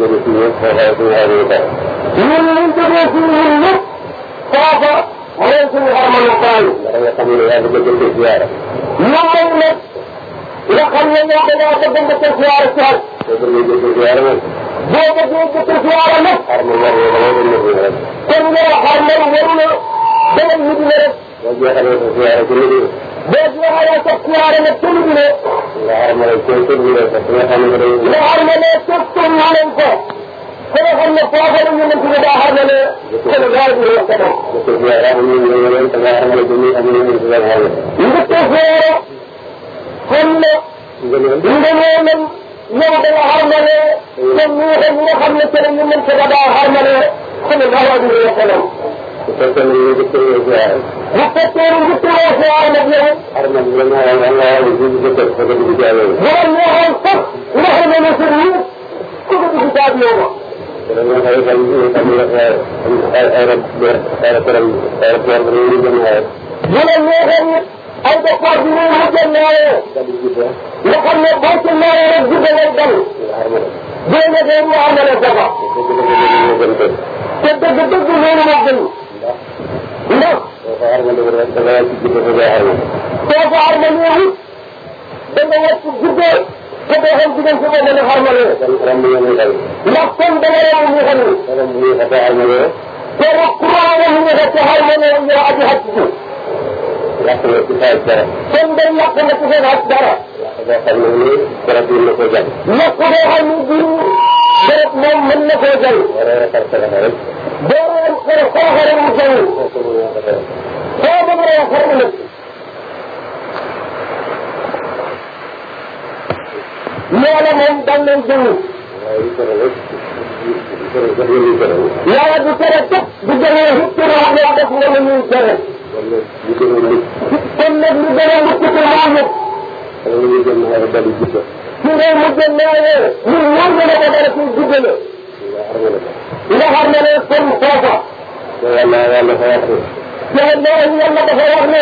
jërëjëf xoolaloo suñu xar yu bëri. ñun ñu jëlee suñu xar yëpp foofa mooy suñu xar mën a taayu. ndax nga xam ne yaa ngi bëgg a ziyaara. ñun moom nag nga xam ne ñoo ko ñoo ko bëgg a ziyaara ci xar. boo bëggee ziyaara nag. boo bëggee ziyaara nag. xar mu war la da ngay dem rek. kon nga xar mu war la da ngay nit rek. boo jeexalee sa ziyaara ci nit ಬೇಜವಾರ ಸತ್ಯಾರ ತುಂಬಿದೆ ಉದಾಹರಣೆ ತುತ್ತು ನಾಳೆಂಕ ಕೆಲವೊಂದ ಪಾದವನ್ನು ನಿಮಗೆ ಉದಾಹರಣೆ ಇದಕ್ಕೆ ಸೇರ ಕೊಲ್ಲ ಇಂದನೇ ಇವರ ಉದಾಹರಣೆ ಸಮೂಹ ಹಮ್ಮತ್ತರನ್ನು ನಿಮಗೆ ಉದಾಹರಣೆ ಕೊಲ್ಲ bu fekkee ne ñu ngi tëjee ziar. bu fekkee ne ñu ngi tëjee ziar nag yow. xam nga dina ñëwaat nga ñëwaat ñu ngi jëkkër sa bëgg di jaay yow. dina ñëwaat sax ndax dina ne sa biir ku ko bëgg jaay yow ma. dina ñëwaat ay ay ay ay aéroport aéroport bi ñu jëm nawet. dina ñëwaat it ay départ bi ñu ngi jëm nawet. nga xam ne boo ci nawet rek gudde lay dal. dina ñëwaat mu amal a jafa. te dëgg dëgg loolu la gën. ndax soo ko armalee rek da nga yàgg ci guddo ba armalee. soo ko armalee it da nga yàgg ci guddo ba doxal ci guddo ba nga armalee. kon ram ñu ngi xam. ndax kon da nga yàgg ñu xam ni. ram ñu ngi xam armalee. te nag courant la ñu ngi xam te armalee ñu la aju xaj ci yàq na ci sa dara. kon day yàq na ci seen xaj dara. yàq boo xam ne nii garab yi na ko jàpp. yàq boo xam ne bii garab na وجل دور الخرخاء غير الجل صاب ما يخر لك يعلم ان ضل الجن لا ذكرت بجميع التراب وعدتنا من الجنة كل ابن جلال التراب كل ابن جلال التراب كل ابن جلال التراب nga xam ne ne comme foofa. yàlla yàlla dafa wax ne.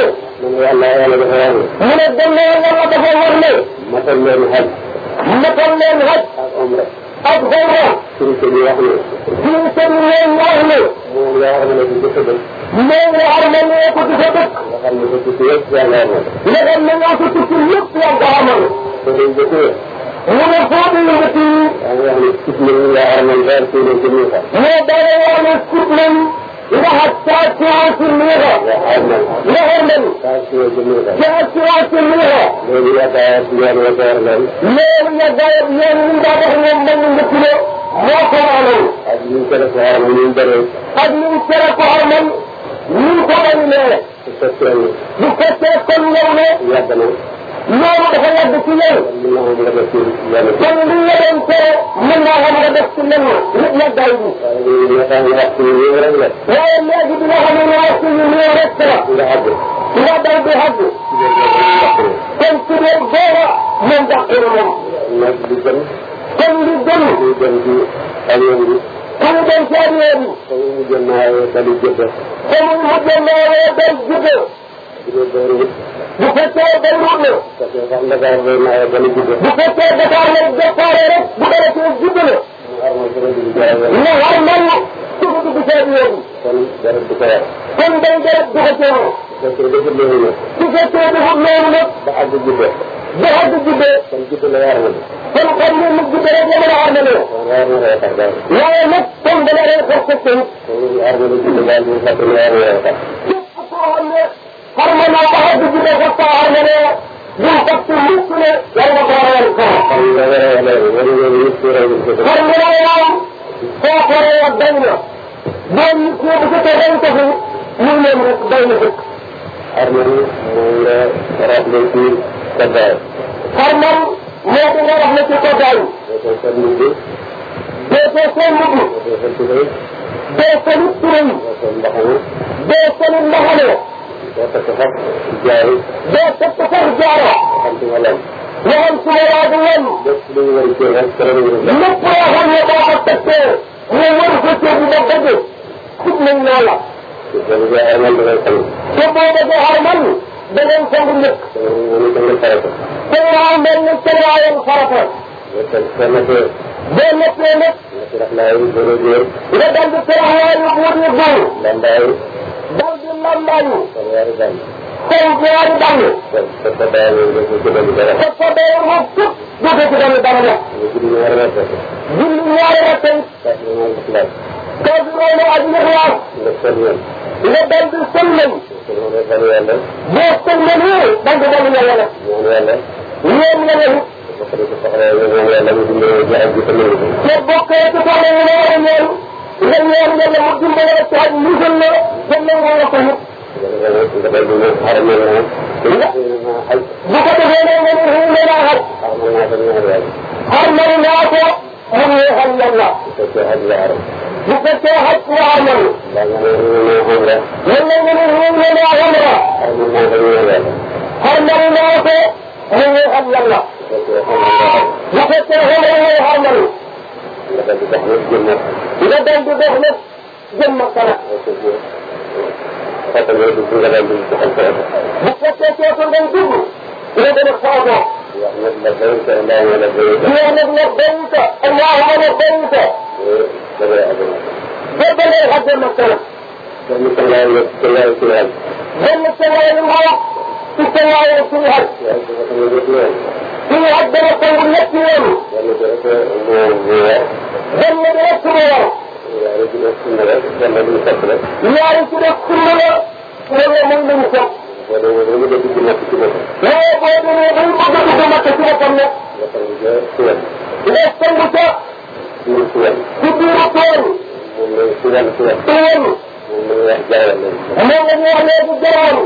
yàlla yàlla dafa wax ne. yàlla yàlla dafa wax ne. mu ne dem na yàlla dafa wax ne. matal leen xaj. matal leen xaj. ak omra. ak omra. suñu sëñ yi wax ne. suñu sëñ yi leen wax ne. moom nga xam ne du ko dëkk. moom nga xam ne ñoo ko du ko dëkk. nga xam ne ko tukki yëpp yàlla amal. nga xam ne ñoo ko tukki yëpp yàlla amal. te duñ ko mu ne foofu la nga tudd. waaw wax ne kub lañ la armal daal kii la jëmee fa. mais dara wax ne kub lañ. nga xam saa assurance nii la. nga armal. nga armal. saa assurance nii la. saa assurance nii la. loolu yaakaar yoon la door leen. loolu yaakaar yoon li nga wax ñoom mën nga tuddee. moo ko waral. ak ñu tere ko armal ñu bëree. ak ñu tere ko armal. ñu ko bëri nee. bu fekkee. bu fekkee kon loolu. yàgg na. loolu dafa yàgg ci yow. kon lu ñu la doon koo mën naa xam nga def ci lenn nit ña gaaw bi. waaye léegi bi nga xam ne waxtu yu néew rek la. nga daw di xàgg. kon su dee booba moom dàqee na moom. kon lu dem. lu dem ci avion bi. kon lu dem ci avion bi. kon mu jënd naa yoo dal jënd. kon mu jënd naa yoo dal jënd. bu fekkee Beyrouth la. Dakar day maye gën a gudd. bu fekkee Dakar nag déparé rek bu dara ci gudd la. mu war man la. dugg dugg cee bi yóbbu. kon dara du ko war. kon day dara du ko cee war. bu fekkee defut loolu nag. bu fekkee defut loolu nag. ba àgg guddee. ba àgg guddee. kon gudd la war na. kon xam nga mu gudd rek la mën a armaloo. waaye nag kon dana rey xos sa kër. kon armaloo gudd daal ñu fàttali war na पर मैंने कहा कि जिले को सवाल मैंने जिन सबसे मुक्त ने लंबा कराया पर मेरा नाम सौ करोड़ दैन्य जो मुझे मुझे तो रंग तो हूँ मुझे मृत दैन्य हूँ और मैंने खराब लेती करता है पर मन मैं तो मैं रहने की कर जाऊँ जैसे से मुझे जैसे मुक्त नहीं जैसे मुक्त नहीं doo takk sax jaay. doo takk sax jaay. xam ci ma lan. waxal ci ma laa du lan. lépp lu ñu war a jël rek dara du lan. lépp loo xam ne boo ko takkee. ñu war ko jël ba bëgg. xut nañ naa la. te boobu boo xarmal da ngay sang. te boobu boo xarmal da ngay sang lépp. te naa mel ni te naa yem farata. boo nekkee nag. nga daal di teraxaayu buur ñu góor. dal di lambaayu. kon ñaari dàll. kon ñaari dàll. kon sa sa bàyyi la nga ko jëndee dara. sa sa bàyyi la nga ko jëndee dara la. julli ñaari rakk. julli ñaari rakk yi. kàddu ñaari islam. kàddu ñaari ak lixlaas. nga sol yéen. nga dal di sol leen. boo sol leen yéen. da nga dal di yàlla. ñoom yàlla. te bokkee ci soxla yi nga war a ñëw. nga ñaan yàlla mu dimbale la taaj mu gën la gën la nga wax ko bu ko defee ne nga ñu ne laa xaj xar nañ naa ko mu neexal yàlla bu fekkee xaj nga amal yàlla nga ne ñu ne laa xamra xar nañ naa ko mu neexal yàlla bu fekkee xamra nga xamal dafa di dox nag jëm nag. nga doon di dox nag jëm nag dara. parce que loolu du nga doon di doxal sa oto. bu fekkee sa oto ngay dugg. dina dem ak sa oto. wax nag la béy ko ndaw wala béy ko. wax nag la béy ko. allah wala béy ko. dëgg la dëgg la dëgg la jëm nag dara. jëm nag dara yow jëm nag dara yow. jëm nag dara yow. jëm nag dara yow. lii ak dana tàng ñett yoonu. benn bi rek moo war. ñaari ci def sunna la benn bi ñu sopp la. ñaari ci def sunna la. loolu moom la ñu sopp. boo demee ba nga dëgg ci nekk ci boppam. waaye boo demee ba nga dëgg ci nekk ci boppam nag. nga sangu ca suwel. nga sangu ca. suur suwel. ci biir suwel. moom la suwel suwel. suwel. moom la ñu wax léegi jaraaru.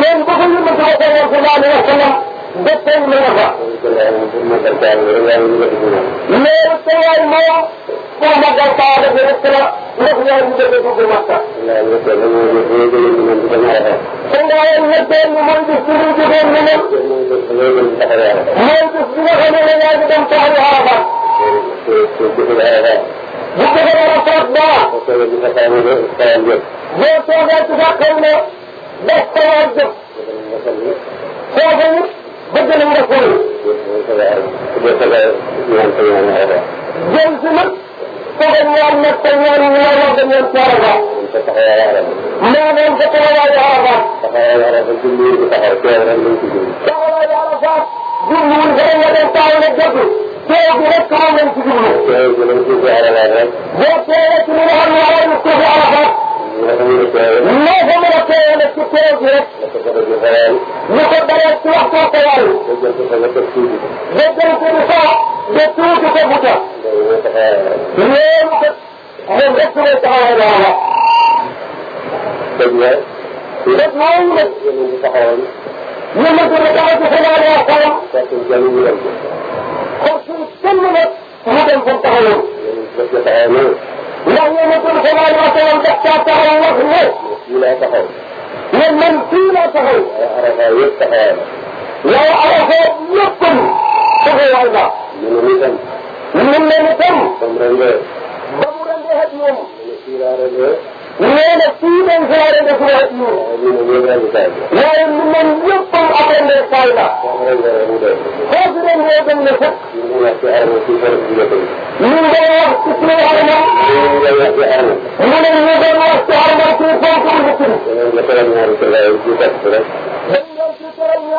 kenn ku ko yëngu si waxtaan ak sallallahu alayhi wa sallam dëkk yi la nga fa. mais teewaay moo pour magal saa la gën a tëra ndax ñaar ñu jëlee dugg Makka. sallallahu alayhi wa sallam mooy bis bi ñu jógee ñu ne. mooy bis bi nga xam ne la ñaar ñu dem taxawu Arafa. bu fekkee da nga toog dara. boo toogee ci sa xayma nga xayal jëf. boo toogee ci sa xayma nga xayal jëf. foofu bëgg nañ nga xool. jëm si nag. foofu ñaar nag te ñaar ñaar wax dañ leen soor a baax. maanaam sa taxawaay yaa la baax. taxawaay yaa la baax jur ñu ngi taxaw teew rek lañ ci jur. taxawaay yaa la baax jur ñu ngi gën a ñebe taw la jënd. teew bi rek moom lañ ci jublu. teew bi lañ ci jaaralaat rek. boo teewee ci li nga xam ne war na ko fi Arafat. noo ko mën a teewee nag ci teew bi rek. ñu ko dalee ci waxtu ko waral. déggal ko du saa de tuuti ko bu tax. loolu ko moom rek lay taxawal daal. dëgg la. dëgg mooy nag. ñu mën ko taxaw ci xanaa xol suñu sell la mu dem fa taxawoon. ndax yonent bi sallallahu alayhi wa sallam daf caa taxaw wax ne. fii laa taxaw. ne man fii laa taxaw. waaw arafa yëpp taxawaay la. waaw arafa yëpp taxawaay la. ñu ne ni tam. ñu ne ni tam. ba mu rendee. ba mu rendee ak ñoom. nee na fii dañ ko war a def lool. waaye lu mel yëpp a apprendre saay na. kooku dañ koy dem ne sax. ñu ngi koy wax ci suñu xarala. mu ne ñu koy wax ci xarala ci boppam bi ci. dañ doon ci teral ñaari tëraay yu ciy topp si rek. boo xarala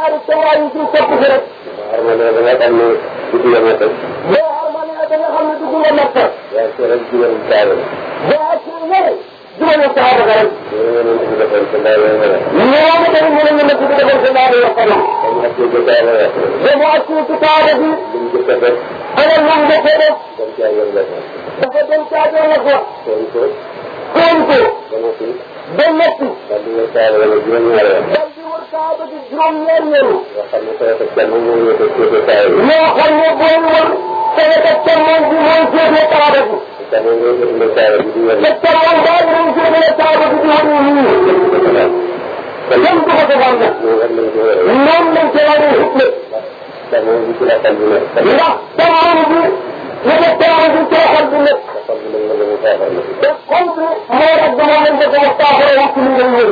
da nga xam ne dugg nga Makka. boo xarala da nga xam ne dugg nga Makka. duma ñëw saxaaba ga rek. ñooñu tamit mën nañu nekk di defal seen laaj yoo xam ne. ba mu àgg ci saxaaba bi. ana lu mu defee def. dafa dem caa jëm la ko. xool ko. ba noppi. daal di wër saxaaba bi juróom-ñaari yoon. yoo xam ne sama kër moom moo ñëw ko féete saxaaba bi. ñoo xam ne booy wër sama kër moom bi mooy féete saxaaba bi. ko defal nag. moom lañ ca war a xutbe. ndax taxaw bi li ko taxaw bi teexal bi nekk. te xol bi moo rek dama leen ko wax saafara wax ci li ngay wër.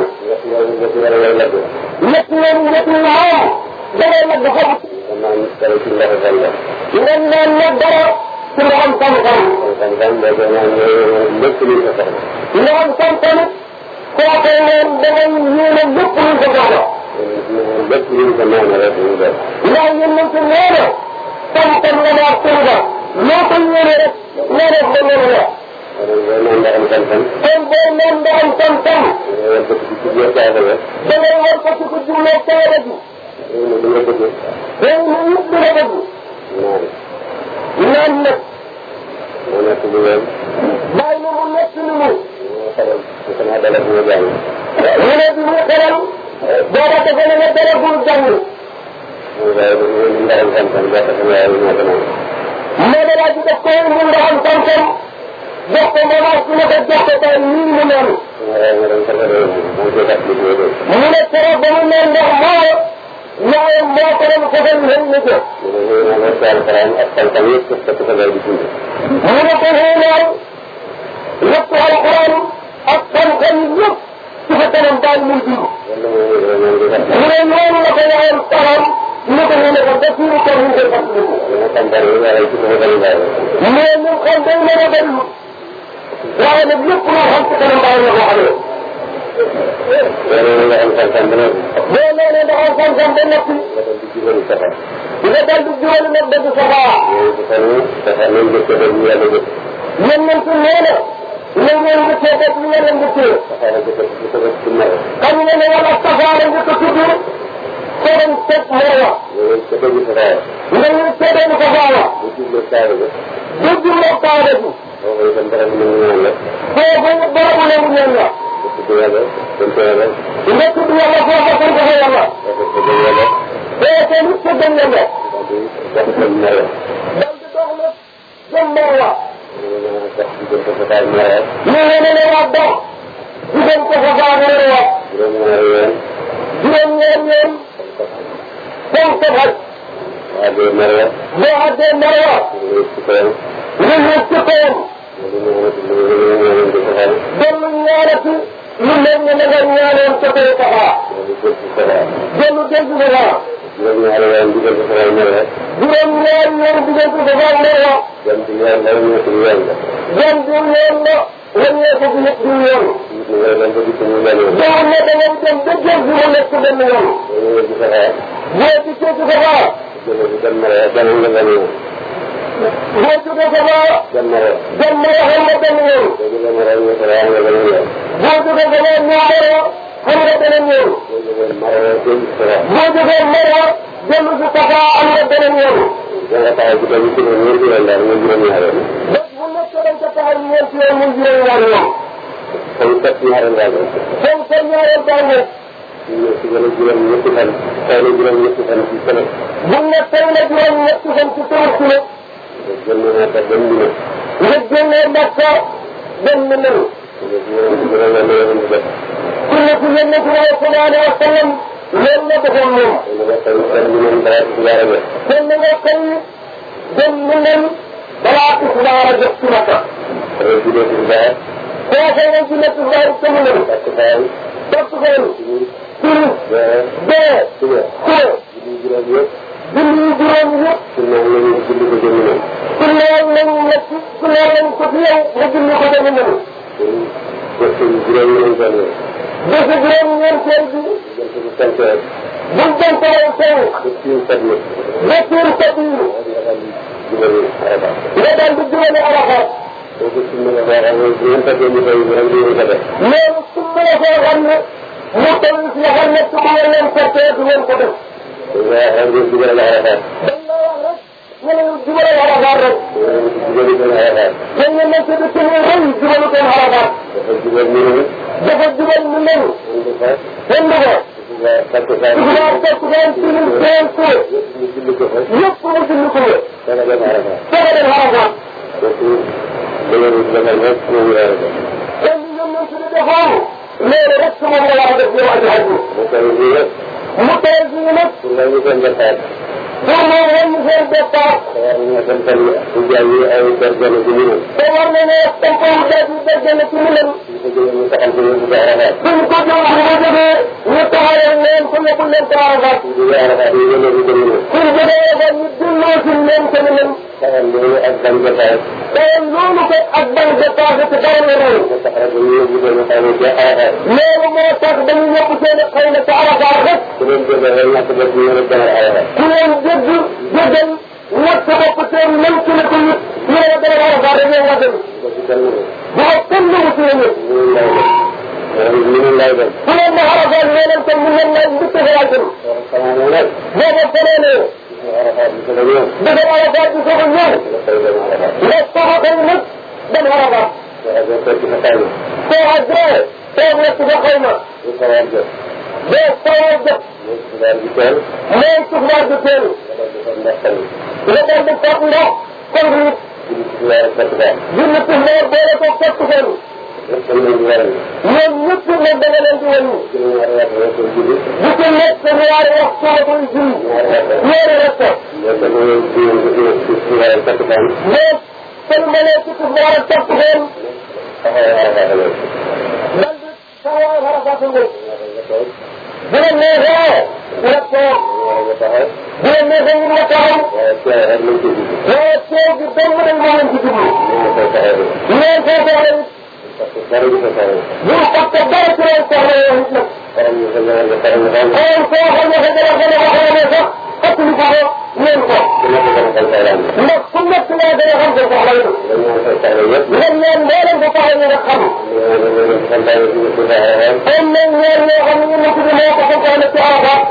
ñett ñoom ñett ñaar da ngay nag dafa am. ngeen naan ne dara ci loxam xam-xam. loxam xam-xam kooku moom da ngay yéene lépp luñ ko joxoon. lépp luñ ko noonu rek ñu def. ndax yéen ñëpp nee na tam-tam la daal Touba loo ko yéene rek nee na ba ngeen wax. kon boo naan tam-tam. kon boo naan daan tam-tam. da ngay war ko ci ko jublee saara ji. réew mi yëpp dina bëgg. naan nag. moo nekk lu wér. bàyyi na mu nekk lu mu. salaam sama dalagul jàng ñu ne mu xelal booba te gën a ne dalagul jàng mu ne mu ndaram tam-tam jox ko sama yaay moo gën a mu ne daal di def ko mu ndaram tam-tam jox ko ma wax su ma ko jox ko tey nii mu noonu mu ne keroog ba mu ne ndox moo yaayam moo ko doon fegal ngeen ñu ko mu ne ko xëy lépp alxuraan ak xam-xam yëpp su fa kanam daal muy dund. mu ne noonu la ko waxoon taxam ne ko ñu ne ko def ñu ko ñu koy fàttaliku. mais ñun xam day mën a dellu. waaye nag lépp loo xam si kanam daal la ko xamee. loolu la am xam-xam ba noppi. boo loolee nga am xam-xam ba noppi. nga dal di juróomi nag dëgg sa baa. yéen ñëpp nee na. léeg-léeg nga cee def lu yàlla nga téye. xam nga ne yàlla safaara nga ko tudd. xoolal teg Morowa. léeg-léeg ca dëgg safaara. léeg-léeg ca dëgg safaara. bu jubloo kaaba bi. bu jubloo kaaba bi. foofu itam barab bu nangu ñaan la. foofu barab bu nangu ñaan la. nga tudd yàlla sant yàlla. nga tudd yàlla foofa sant yàlla. boo ko nit ca dëgg yàlla. daal di dox nag jëm Morowa. ñaanal la dox digal ko fa faa mën a wax. juróom-ñaari yoon. donc tafal. boo àddee mara la. boo àddee mara la. nga yëg ci kawam. dellu ñaanati lu mel ne nga ñaanoon ca koy taxaa. dellu dégg nga juróom-ñaari weer dugal ko Safa ak Marwa. juróom-ñaari weer dugal ko Safa ak Marwa. jant bi weer la ñëw ci yoon la. jant bi weer la. lan ñëw ko ci ñëpp di yoon. ñu ngi ko gis ñu benn yoon. jaww ne da ngay dem ba jant bi mu nekk benn yoon. boo ñëwee ci Safa. boo ci cee ci Safa. jëlee ci gan Marwa gan la nga ñëw. boo ci dee Safa. gan Marwa. gan Marwa xam nga benn yoon. boo ci dee Marwa ñu Safa nga benn yoon. boo ci dee Safa ñu Marwa. xam nga beneen yoon. boo jógee Marwa dellu si Safa am nga beneen yoon. nga taxaw ci tamit ci ñoom ñoom juróom ñaar ñoom juróom ñaar yoon. bés bu nekk dañ ca taxaw ñoom ci yoon ñoom juróom ñaar yoon. kon kat ñaareel baa ngeen. kon kat ñaareel baa ngeen. ñu si gën a juróom ñetti fan. tey la juróom ñetti fan ci semaine. bu ne tey la juróom ñetti fan ci semaine si la. nga génnee Makka dem Mina. nga génnee Makka dem Mina. sunna si yéen a tudd sallallahu alayhi wa sallam loolu la defoon moom. kon na nga koy dem mu ngeen balaa tisbaar a jot ci matin. boo xoolee ci nekk baar sama ngeen. dëkk baar. turu. bee. suba. julli juróom yëpp. julli juróom yëpp. sunna lañu julli ko jëmi noonu. sunna lañu nekk sunna lañu ko fi yow nga julli ko jëmi noonu. gerte gi juróomi ngeen jëndee. gerte juróomi ngeen jëndi. gerte gi cinq heures. bu ñu doon tolloon tey. gerte gi sept mille. gerte gi sept mille. nga daal di juróomi arafa. loolu su ma la ko waxee loolu su ma la ko xam ne. mu toll si nga xam ne su ma leen ko tee du ngeen ko def. dañ laa wax rek ñeneen ñi jubalu Arafat rek. jubalu seen Arafat. ñoom ñoom ñoo tudd seen rëy jubalu seen Arafat. dafa jubal ñu ne. dafa jubal ñu ne. kenn du ko. parce que saa yu bëgg naa si ñun seen kuréel. ñëpp ñu bind ko fa. ñëpp ñu bind ko fa. dana dem Arafat. dana dem Arafat. donc dana dem dana nekk kuréelu Arafat. kon ñoom ñoo tudd defoon. loolu rek su ma mën a wax def ñu wax di xaj. mu tëral ñu nag. mu tëral ñu nag. pour nga ñu seen pour moom rek mu xëy départ. te war nañoo dem tamit bu jaay ay bergane ci ñu leen. te war nañoo dem ay bergane ci ñu leen. ñu taxal ci ñu jaaraat. suñ ko jox bu ko jógee ñu taxawal leen ku nekkul leen taxawaat. ñu jaaraat yi ñu leen di dem leen. suñ jógee ba ñu dundoo ci leen seen leen. taxal loolu ak ban jotaay. te loolu ko ak ban jotaay ci dara la loolu. ñu taxaw ba ñu yóbbu seen xëy na ci arafaat. loolu moo tax dañu yóbbu seen xëy na ci arafaat rek. ku leen jógee rek ñàkk ba ñu leen a jëmal arafaat. ku leen dégg déggal ñett bopp seen même ci la ko nit ñu ne la gën a war a baax dañoo war a dem. bu ko kenn dugg ci la ñu. ñu ngi lay dem. bu leen ma xarafoon nee leen kon mu ngeen lay mbëkk sa laaj dem. boo ko feneenee. dëgg xarafaat bi soog a ñëw. nga soog a koy nag dem xarafaat. soo xajee toog na ci sa xayma. boo soowee jot. mooy suxnaar bi teel. mooy suxnaar bi teel. la doon di fab ndox. kon nit. julli suxnaar boole ko fekk seen. ñoom ñëpp nag da nga leen di wan. bu ci nekk sa ñaari wax sootul julli. ñaari rakk. mais seen mënee ci suxnaar ak fekk seen. dal di taxawaay xarafatu ngeen. bu leen neexee bu leen neexee ñu nga taxaw. waaye bi dong nag moo leen ci jublu. ñoom kay taxaw. ñun parce que dara ci leen soxla yow nit nag. kon soo xam ne sa jërëjëf la waxee fàttali ko ko ñëw ko. ndax ku nekk laa gën a xam sa soxla yi. ndax ñoom boo leen ko taxaw ñu nga xam. am na ñaar ñoo xam ne ñu nekk di moo ko santaane ci Arafat.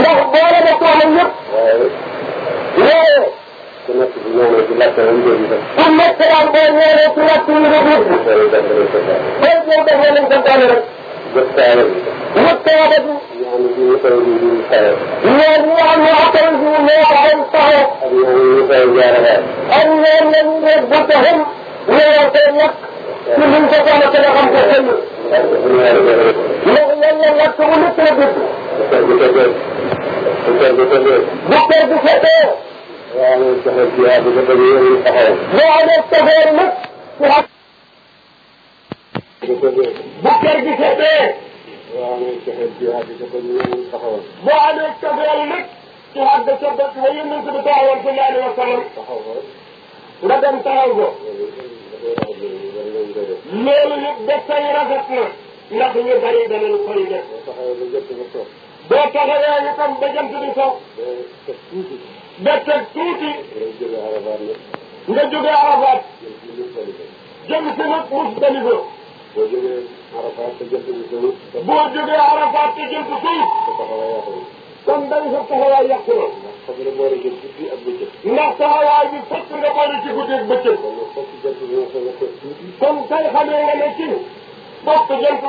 ndax boo leen a soxla ñëpp. waaye. ku nekk di ñaanal ci laajte la ñu doon def. ku nekk daal boo ñaanee ci laajte yi nga dugg. boo ñëw def nga leen santaane rek. والثالث والثالث يعني بمثل الثالث يعني وعطوا الله عن صحيح يعني مثل جارها أن الذين ربتهم لا يتلق منهم تقام تلقم تحمل لأن الله تقول تربت بكر بكتير يعني التحديات بكتير من الصحيح يعني التحديات tëddee. bu kër gi tëddee. boo amee cofeel ci àgg ca ba ñu yéen taxawal. boo amee cofeel nag ci àgg ca ba ba yéen bi taxawal ci laaj wa salaam. taxaw ko. nga dem taxaw ko. loolu yëpp dafay rafet ñu bari danañ koy def. boo taxawee ba jant bi soog. boo taxawee ñu tam ba jant bi soog. ba teg tuuti. nga jógee Arafat. jëm si nag Musdalifa. boo jógee Arafat te jant bi sëy. boo jógee Arafat te jant sëy. sa taxawaay yàqu na. kon dañ sa taxawaay yàqu na. ndax xam nga boole ci guddi ak kon nag fekk jant bi nga soog a teg tuuti. kon kay xamee nga ne ci fokk jant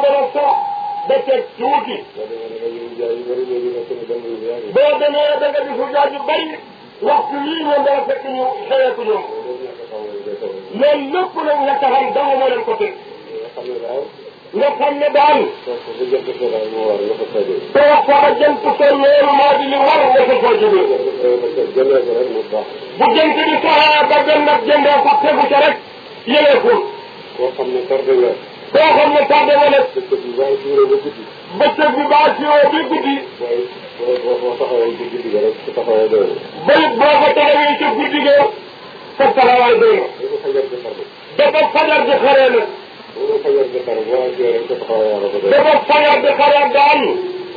ba da nga gis jaay yu bëri waxtu yii ñoom dana fekk ñu nga xam ne daal. te wax ko ba jant ko loolu moo di li war nga ko koo jógee. bu jant bi soxlaa ba gën nag jëndee ko tegu ca rek yëlee ko. koo xam ne tardé nga. koo xam ne tardé nga nag. bëccëg bi baa suuree ba guddi. bëccëg bi baa suuree ba guddi. waaye boo boo taxawee ci guddi ga rek su taxawee doy na. bëri boo ko taxawee ci guddi ga sa taxawaay doy na. dafa fajar di xaree dafa fajar di xaraat daal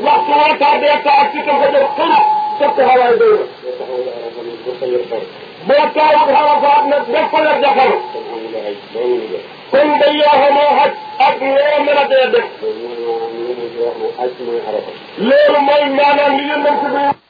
waxtu woo tardee taal ci ko jóg xëy sa taxawaay doy na. boo taal Arafat nag ba fajar di xar. kon day yoo xamoo xaj ak loo mën a dee def. loolu mooy maanaam li